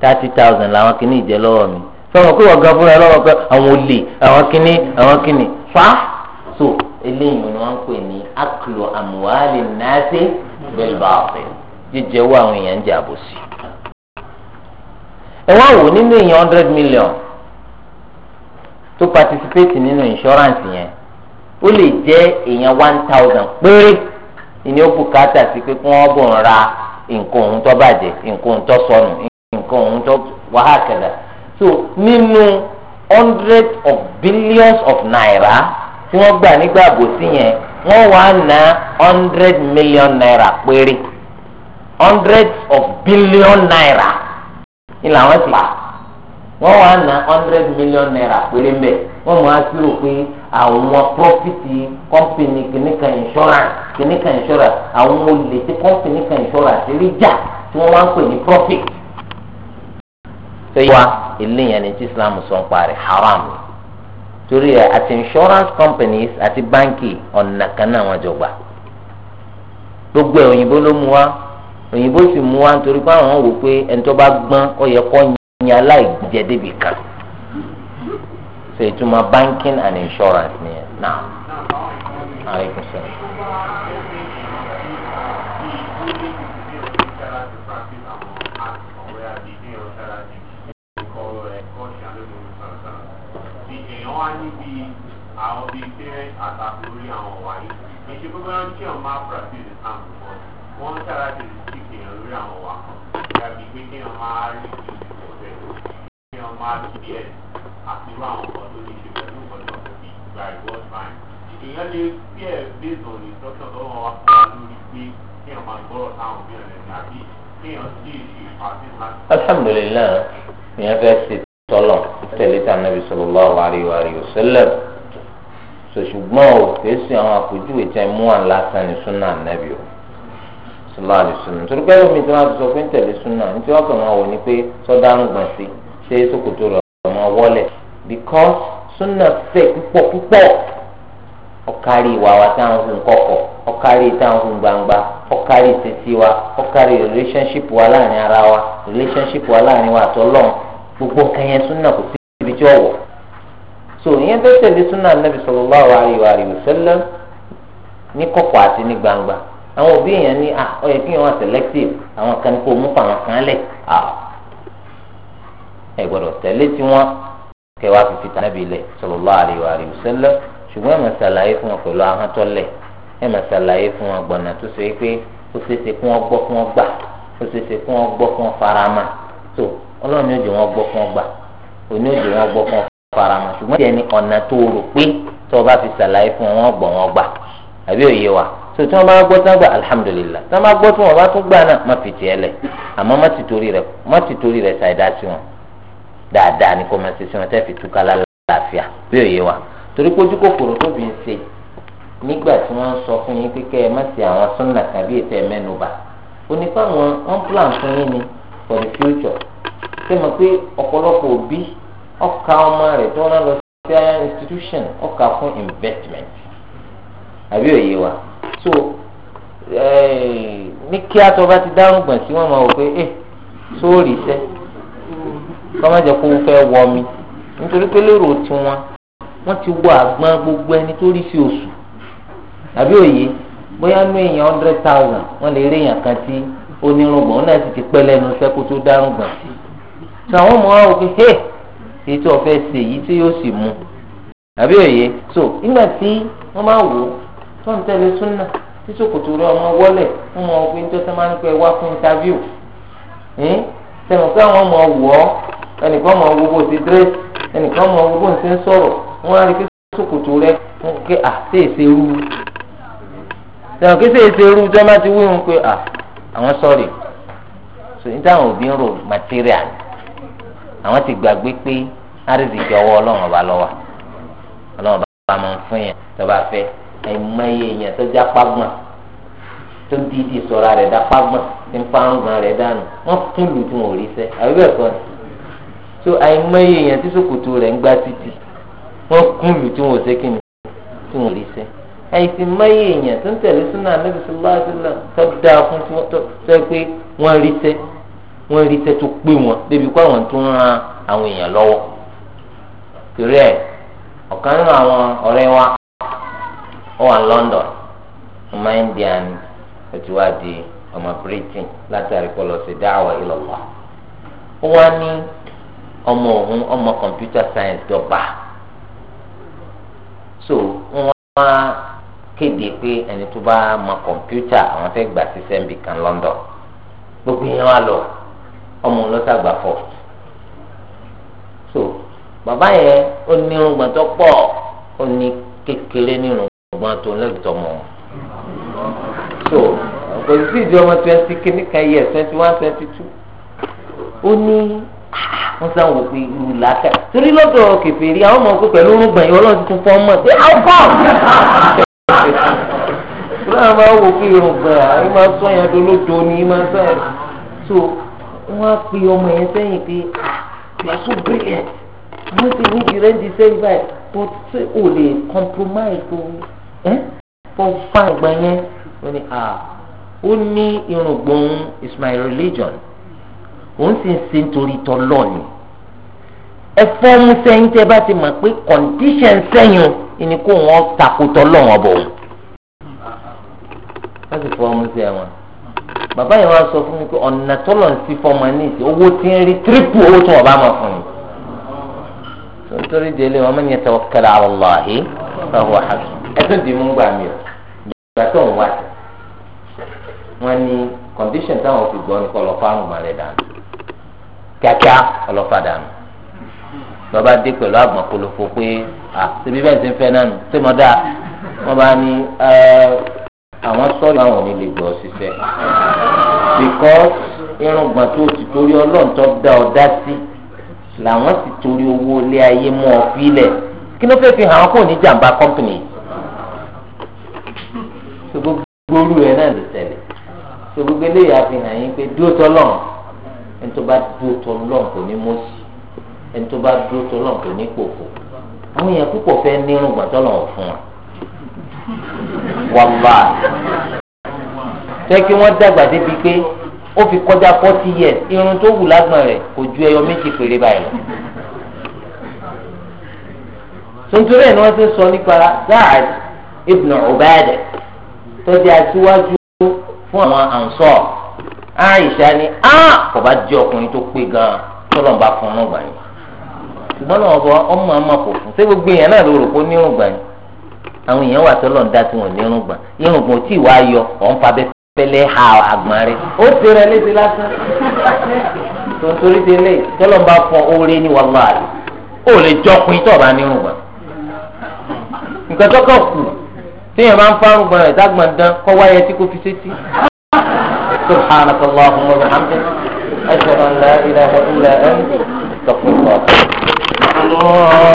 Speaker 1: thirty thousand làwọn kìíní ìjẹ lọ́wọ́ mi sọ̀rọ̀ pé ọ̀gá fúnra pé àwọn olè àwọn kìíní àwọn kìíní fa so eléyìí ni ń pè ní aklo amuhali nase bilbaafẹ́ jíjẹ owó àwọn èèyàn ń jẹ ẹ wá wò nínú èèyàn hundred million tó participate nínú insurance yẹn ó lè èèyàn one thousand ìní ó bùkátà sí pé kí wọ́n bò ń ra nǹkan òun tó bàjẹ́ nǹkan òun tó sọnù nǹkan òun tó wàhákẹ́dà so nínú hundred of billions of naira tí wọ́n gbà nígbà àbòsí yẹn wọ́n wá ná hundred million naira péré hundred of billion naira ni làwọn ti pa wọ́n wá ná hundred million naira péré mbẹ́ wọ́n mú asúrò pé àwọn profiti kọ́mpìnì kìnìkà insurance kìnìkà insurance àwọn olè tí kọ́mpìnìkà insurance rí jà tí wọ́n wá ń pè ní profit. sẹ́yìn wa eléyàn ni tí Islam sọ ń parí haram torí ẹ̀ àti insurance companies àti báńkì ọ̀nà kan náà wọ́n jọ gbà gbogbo ẹ̀ òyìnbó ló mú wa òyìnbó sì mú wa nítorí pé àwọn wò pé ẹni bá gbọ́n ó yẹ ní aláìjẹ débi kan so ìtumọ̀ banking and insurance ni ẹ̀ náà aleykum salaam.
Speaker 2: àwọn bíi parents àtàkùn lórí àwọn wáyé èsì gbogbo ẹran tí ọmọ afurasí ti sàn wọ́n ń sára ti ti lórí àwọn wà kan ìyàbí pé kéèyàn máa rí kéèyàn máa kiri ẹ̀ àti irú àwọn ọ̀dọ́ tó lè ṣe pẹ̀lú ọ̀dọ́ bí ìgbà ìwọ́d báyìí. èèyàn lè fi ẹ̀ based on instruction tó wọn wá fún wa lórí pé kéèyàn máa gbọ́rọ̀ táwọn òbí rẹ̀ ní àbí kéèyàn sì ṣe ìpàdé
Speaker 1: láti. alhamdulilayi ìyẹn fẹ́ ṣe tọ́lọ̀ tẹ̀lé tà nàbì sallallahu alaihi wa alihi wasallam sòṣùgbọ́n pé lómi tí wọ́n ti sọ pé ń tẹ̀lé súnà ní tí kàn máa wò ní pé sọ́dá ń gbọ̀n sí i. ṣé sókòtò rẹ̀ ọmọ wọlé because súnà fẹ́ púpọ̀ púpọ̀ ọkàrí ìwà wa tá à ń hun kọ̀kọ̀ ọkàrí tá à ń hun gbangba ọkàrí títí wa relationship wa láàrin ara wa relationship wa láàrin wa àtọlọ́n gbogbo nǹkan yẹn súnà kò sí ibi tí ó wọ. so ìyẹn tó tẹ̀lé nàbì ní àti ní gbangba àwọn ẹ gbọ́dọ̀ tẹ̀lé tiwọn kẹwàá fífi tà nàbì lẹ sallallahu alaihi wa sallam ṣùgbọ́n ẹ máa ṣàlàyé fún wọn pẹ̀lú ahọ́n tó lẹ̀ ẹ máa ṣàlàyé fún wọn gbọ̀nà tó ṣe pé ó ṣeéṣe kí wọ́n gbọ́ kí wọ́n gbà ó ṣeéṣe kí wọ́n gbọ́ kí wọ́n farama tó ọlọ́run ní òjò wọn gbọ́ kí wọ́n gbà òní òjò wọn gbọ́ kí wọ́n farama ṣùgbọ́n ìyẹn ni ọ̀nà tó rò pé tó o bá fi ṣàlàyé fún wọn wọ́n wọn gbà àbí òye wa tó tí wọ́n bá gbọ́ tán gbà alhamdulillah tí wọ́n bá gbọ́ tí wọ́n bá tún gbà náà má fi tiẹ̀ lẹ̀ àmọ́ má ti torí rẹ̀ má ti torí rẹ̀ ṣàìdá sí wọn dáadáa ni kò máa ṣe sí wọn tẹ́ẹ̀fì túká lálàáfíà bí òye wa torí pé ojú kòkòrò tó bí ń ṣe nígbà tí wọ́n sọ fún yín pé kẹ́ ẹ má ṣe àwọn tàbí ètò wọn plan fún yín ni for the future ṣé mo pé ọ̀pọ̀lọpọ̀ òbí ọkà ọmọ rẹ̀ tó rán lọ sí institution ọkà fún investment àbí òye so eh, ní kí atọba bá ti dárúgbọ̀n sí wọn máa wò pé eh, ẹ kọ́má jẹ́ kó fẹ́ wọmi mi nítorí pé lérò tiwọn wọ́n ti wọ àgbọn gbogbo ẹni tó rí sí oṣù àbí òye bóyá nú èèyàn hundred thousand wọ́n lè rí èèyàn kan tí onírúgbọ̀n ó náà ti pẹ́ lẹ́nu iṣẹ́ kó tó dárúgbọ̀n sí i àwọn ọmọ wa wò pé ṣe èyí tí yóò sì mú òye so nígbà tí ẹnìkan mọ owó bó ti dírẹ́sì ẹnìkan mọ owó bó ti ń sọ̀rọ̀ wọ́n á rí kí sòkòtò rẹ wọ́n ké à sí èsè rú sẹ̀wọ̀n kí sí èsè rú jọ́ ti wí wọn pé à àwọn sọ̀rì so ní táwọn òbí ń rò material àwọn ti gbàgbé pé àrísìkí ọwọ́ ọlọ́run ọba lọ́wọ́ ọlọ́run ọba máa ń fún yẹn tó bá fẹ́ ẹ̀mọye èèyàn tó já pàgbọ́n tó dídì sọ̀ra rẹ̀ dá pàgbọ́n tí ń pa ọ̀gàn rẹ̀ dànù wọ́n tún tí wọ́n ò rí sẹ́ àbí bẹ́ẹ̀ kọ́ ni. so àìmọye èèyàn tí sòkòtò rẹ̀ ń gbá títì wọ́n kún lù tí wọ́n ṣe kí ni tí wọ́n rí sẹ́ àìsí mọye èèyàn tó ń tẹ̀lé súnà níbi tó dáa fún tí wọ́n tó pé wọ́n rí sẹ́ wọ́n rí sẹ́ tó pé wọn débi kó àwọn tó ń ran àwọn èèyàn lọ́wọ́ torí ẹ̀ ọ̀kan nínú àwọn ọ̀rẹ́ wa ó wà London ọmọ India ni ó ti wá di ọmọ Britain látàrí ọmọ òun ọmọ computer science dọ̀gba so wọ́n wá kéde pé ẹni tó bá mọ kọ̀mpútà àwọn fẹ́ gbà sí sẹ́ńbì kan London gbogbo yẹn wá lọ ọmọ ọlọ́sàgbà fọ̀ so bàbá yẹn ó ní irùngbọ̀n tó pọ̀ ó ní kékeré ní irùngbọ̀n tó lẹ́gbẹ̀ẹ́ tọmọ so kò sí ìdí ọmọ twenty kìnnìkan yẹ twenty one twenty two ó ní wọ́n sá wò pé ìlú làákà torí lọ́dọ̀ kẹfẹ́rí àwọn ọmọ pípẹ́ ló rúgbọ̀n yìí ọlọ́run tuntun fọ́ mọ̀ pé àwọn kọ́ láwọn máa wò pé irùngbọ̀n àwọn máa sọ yẹn dolódo ni máa sọ yẹn so wọ́n á pe ọmọ yẹn sẹ́yìn pé ah, you are so brilliant wọ́n ti ní ìrẹ́ndì sẹ́yìn báyìí kò tí ò lè compromise o ẹ́ fọ́ fún yẹn wọ́n ní ah ó ní irùngbọ̀n is my religion òun sì ń ṣe nítorí tọ́lọ́ ni ẹ fọ́ọ̀mù sẹ́yìn tẹ́ bá ti mọ̀ pé kọ̀ǹdíṣẹ̀n sẹ́yìn ìní kó wọn takò tọ́lọ́ wọn bọ̀ wọ́n sì fọ́ọ̀mù sẹ́yìn wọn bàbá yẹn wá sọ fún mi pé ọ̀nà tọ́lọ̀ ń sí fọ́ọ̀mù ní ìsìn owó tí ń rí tírípù owó tí wọ́n bá mọ̀ fún mi nítorí délé wọn mọ̀ ẹ̀tọ́ kẹlẹ́ àwọn lọ́ọ̀hí ọ̀hún àhàkì ẹ̀ mú gbà mí o ìgbà tó ń wá wọn ní kọ̀ǹdíṣẹ̀n táwọn fi gbọ́ ní kọlọ̀ fáwọn ọmọ rẹ̀ dànù kíákíá ọlọ́fàdà nù lọ́ba dé pẹ̀lú àgbọ̀n kolofo pé à síbi bẹ́ẹ̀ ti ń fẹ́ náà nù ṣé mo dáa wọ́n bá ní àwọn sọ́ọ̀lù àwọn ò lè gbọ́ ṣiṣẹ́ because irùngbọ̀n tó ti torí ọlọ́ọ̀tọ́ dá ọ dá sí làwọn sì torí owó ilé ayé mọ́ ọ fílẹ̀ kí ló fẹ́ fi hàn án kò ní jàǹbá kọ́mpìnì gbogbo olú rẹ̀ náà lè tẹ̀lé gbogbo eléyà fi hàn yín pé dúró tọ́lọ́run ẹni tó bá dúró tọ lọ́n kò ní mọ́sí ẹni tó bá dúró tọ lọ́n kò ní pòpò àwọn èèyàn púpọ̀ fẹ́ nírun gbàtọ́ lọ́wọ́ fún
Speaker 3: wa wàlá jẹ́ kí wọ́n dàgbà
Speaker 1: débi pé ó fi kọjá forty years irun tó wù lágbọ̀n rẹ̀ kò ju ẹyọ méjì péré báyìí lọ. tuntun rẹ̀ ni wọ́n ti sọ nípa Sa'ad ibn Ubadah tó di aṣíwájú fún àwọn ansọ́ọ̀. Aisha ni a kò bá jẹ ọkùnrin tó pé gan tọlọ ń bá fún ọrùn gbàyìn ṣùgbọ́n náà ọba ọmọ àmà kò fún ṣé gbogbo èèyàn náà ló rò pé nírùn gbàyìn àwọn èèyàn wà tọlọ ń dá tí wọn nírùn gbà irùn gbọ̀n tí ìwà ayọ ọ̀n fa bẹ́ẹ̀ ha àgbọ̀n rẹ ó
Speaker 3: ti rẹ léṣe lásán
Speaker 1: tontori ti lé tọlọ ń bá fún oore ni wàláhì ó lè jọkùnrin tó ọba nírùn gbà nǹkan tó kàn kù téèyàn máa ń fárùn gbọ̀n rẹ̀ dágbọ̀n dán kọ́ wáyé سبحانك اللهم وبحمدك أشهد أن
Speaker 2: لا إله إلا أنت استغفر الله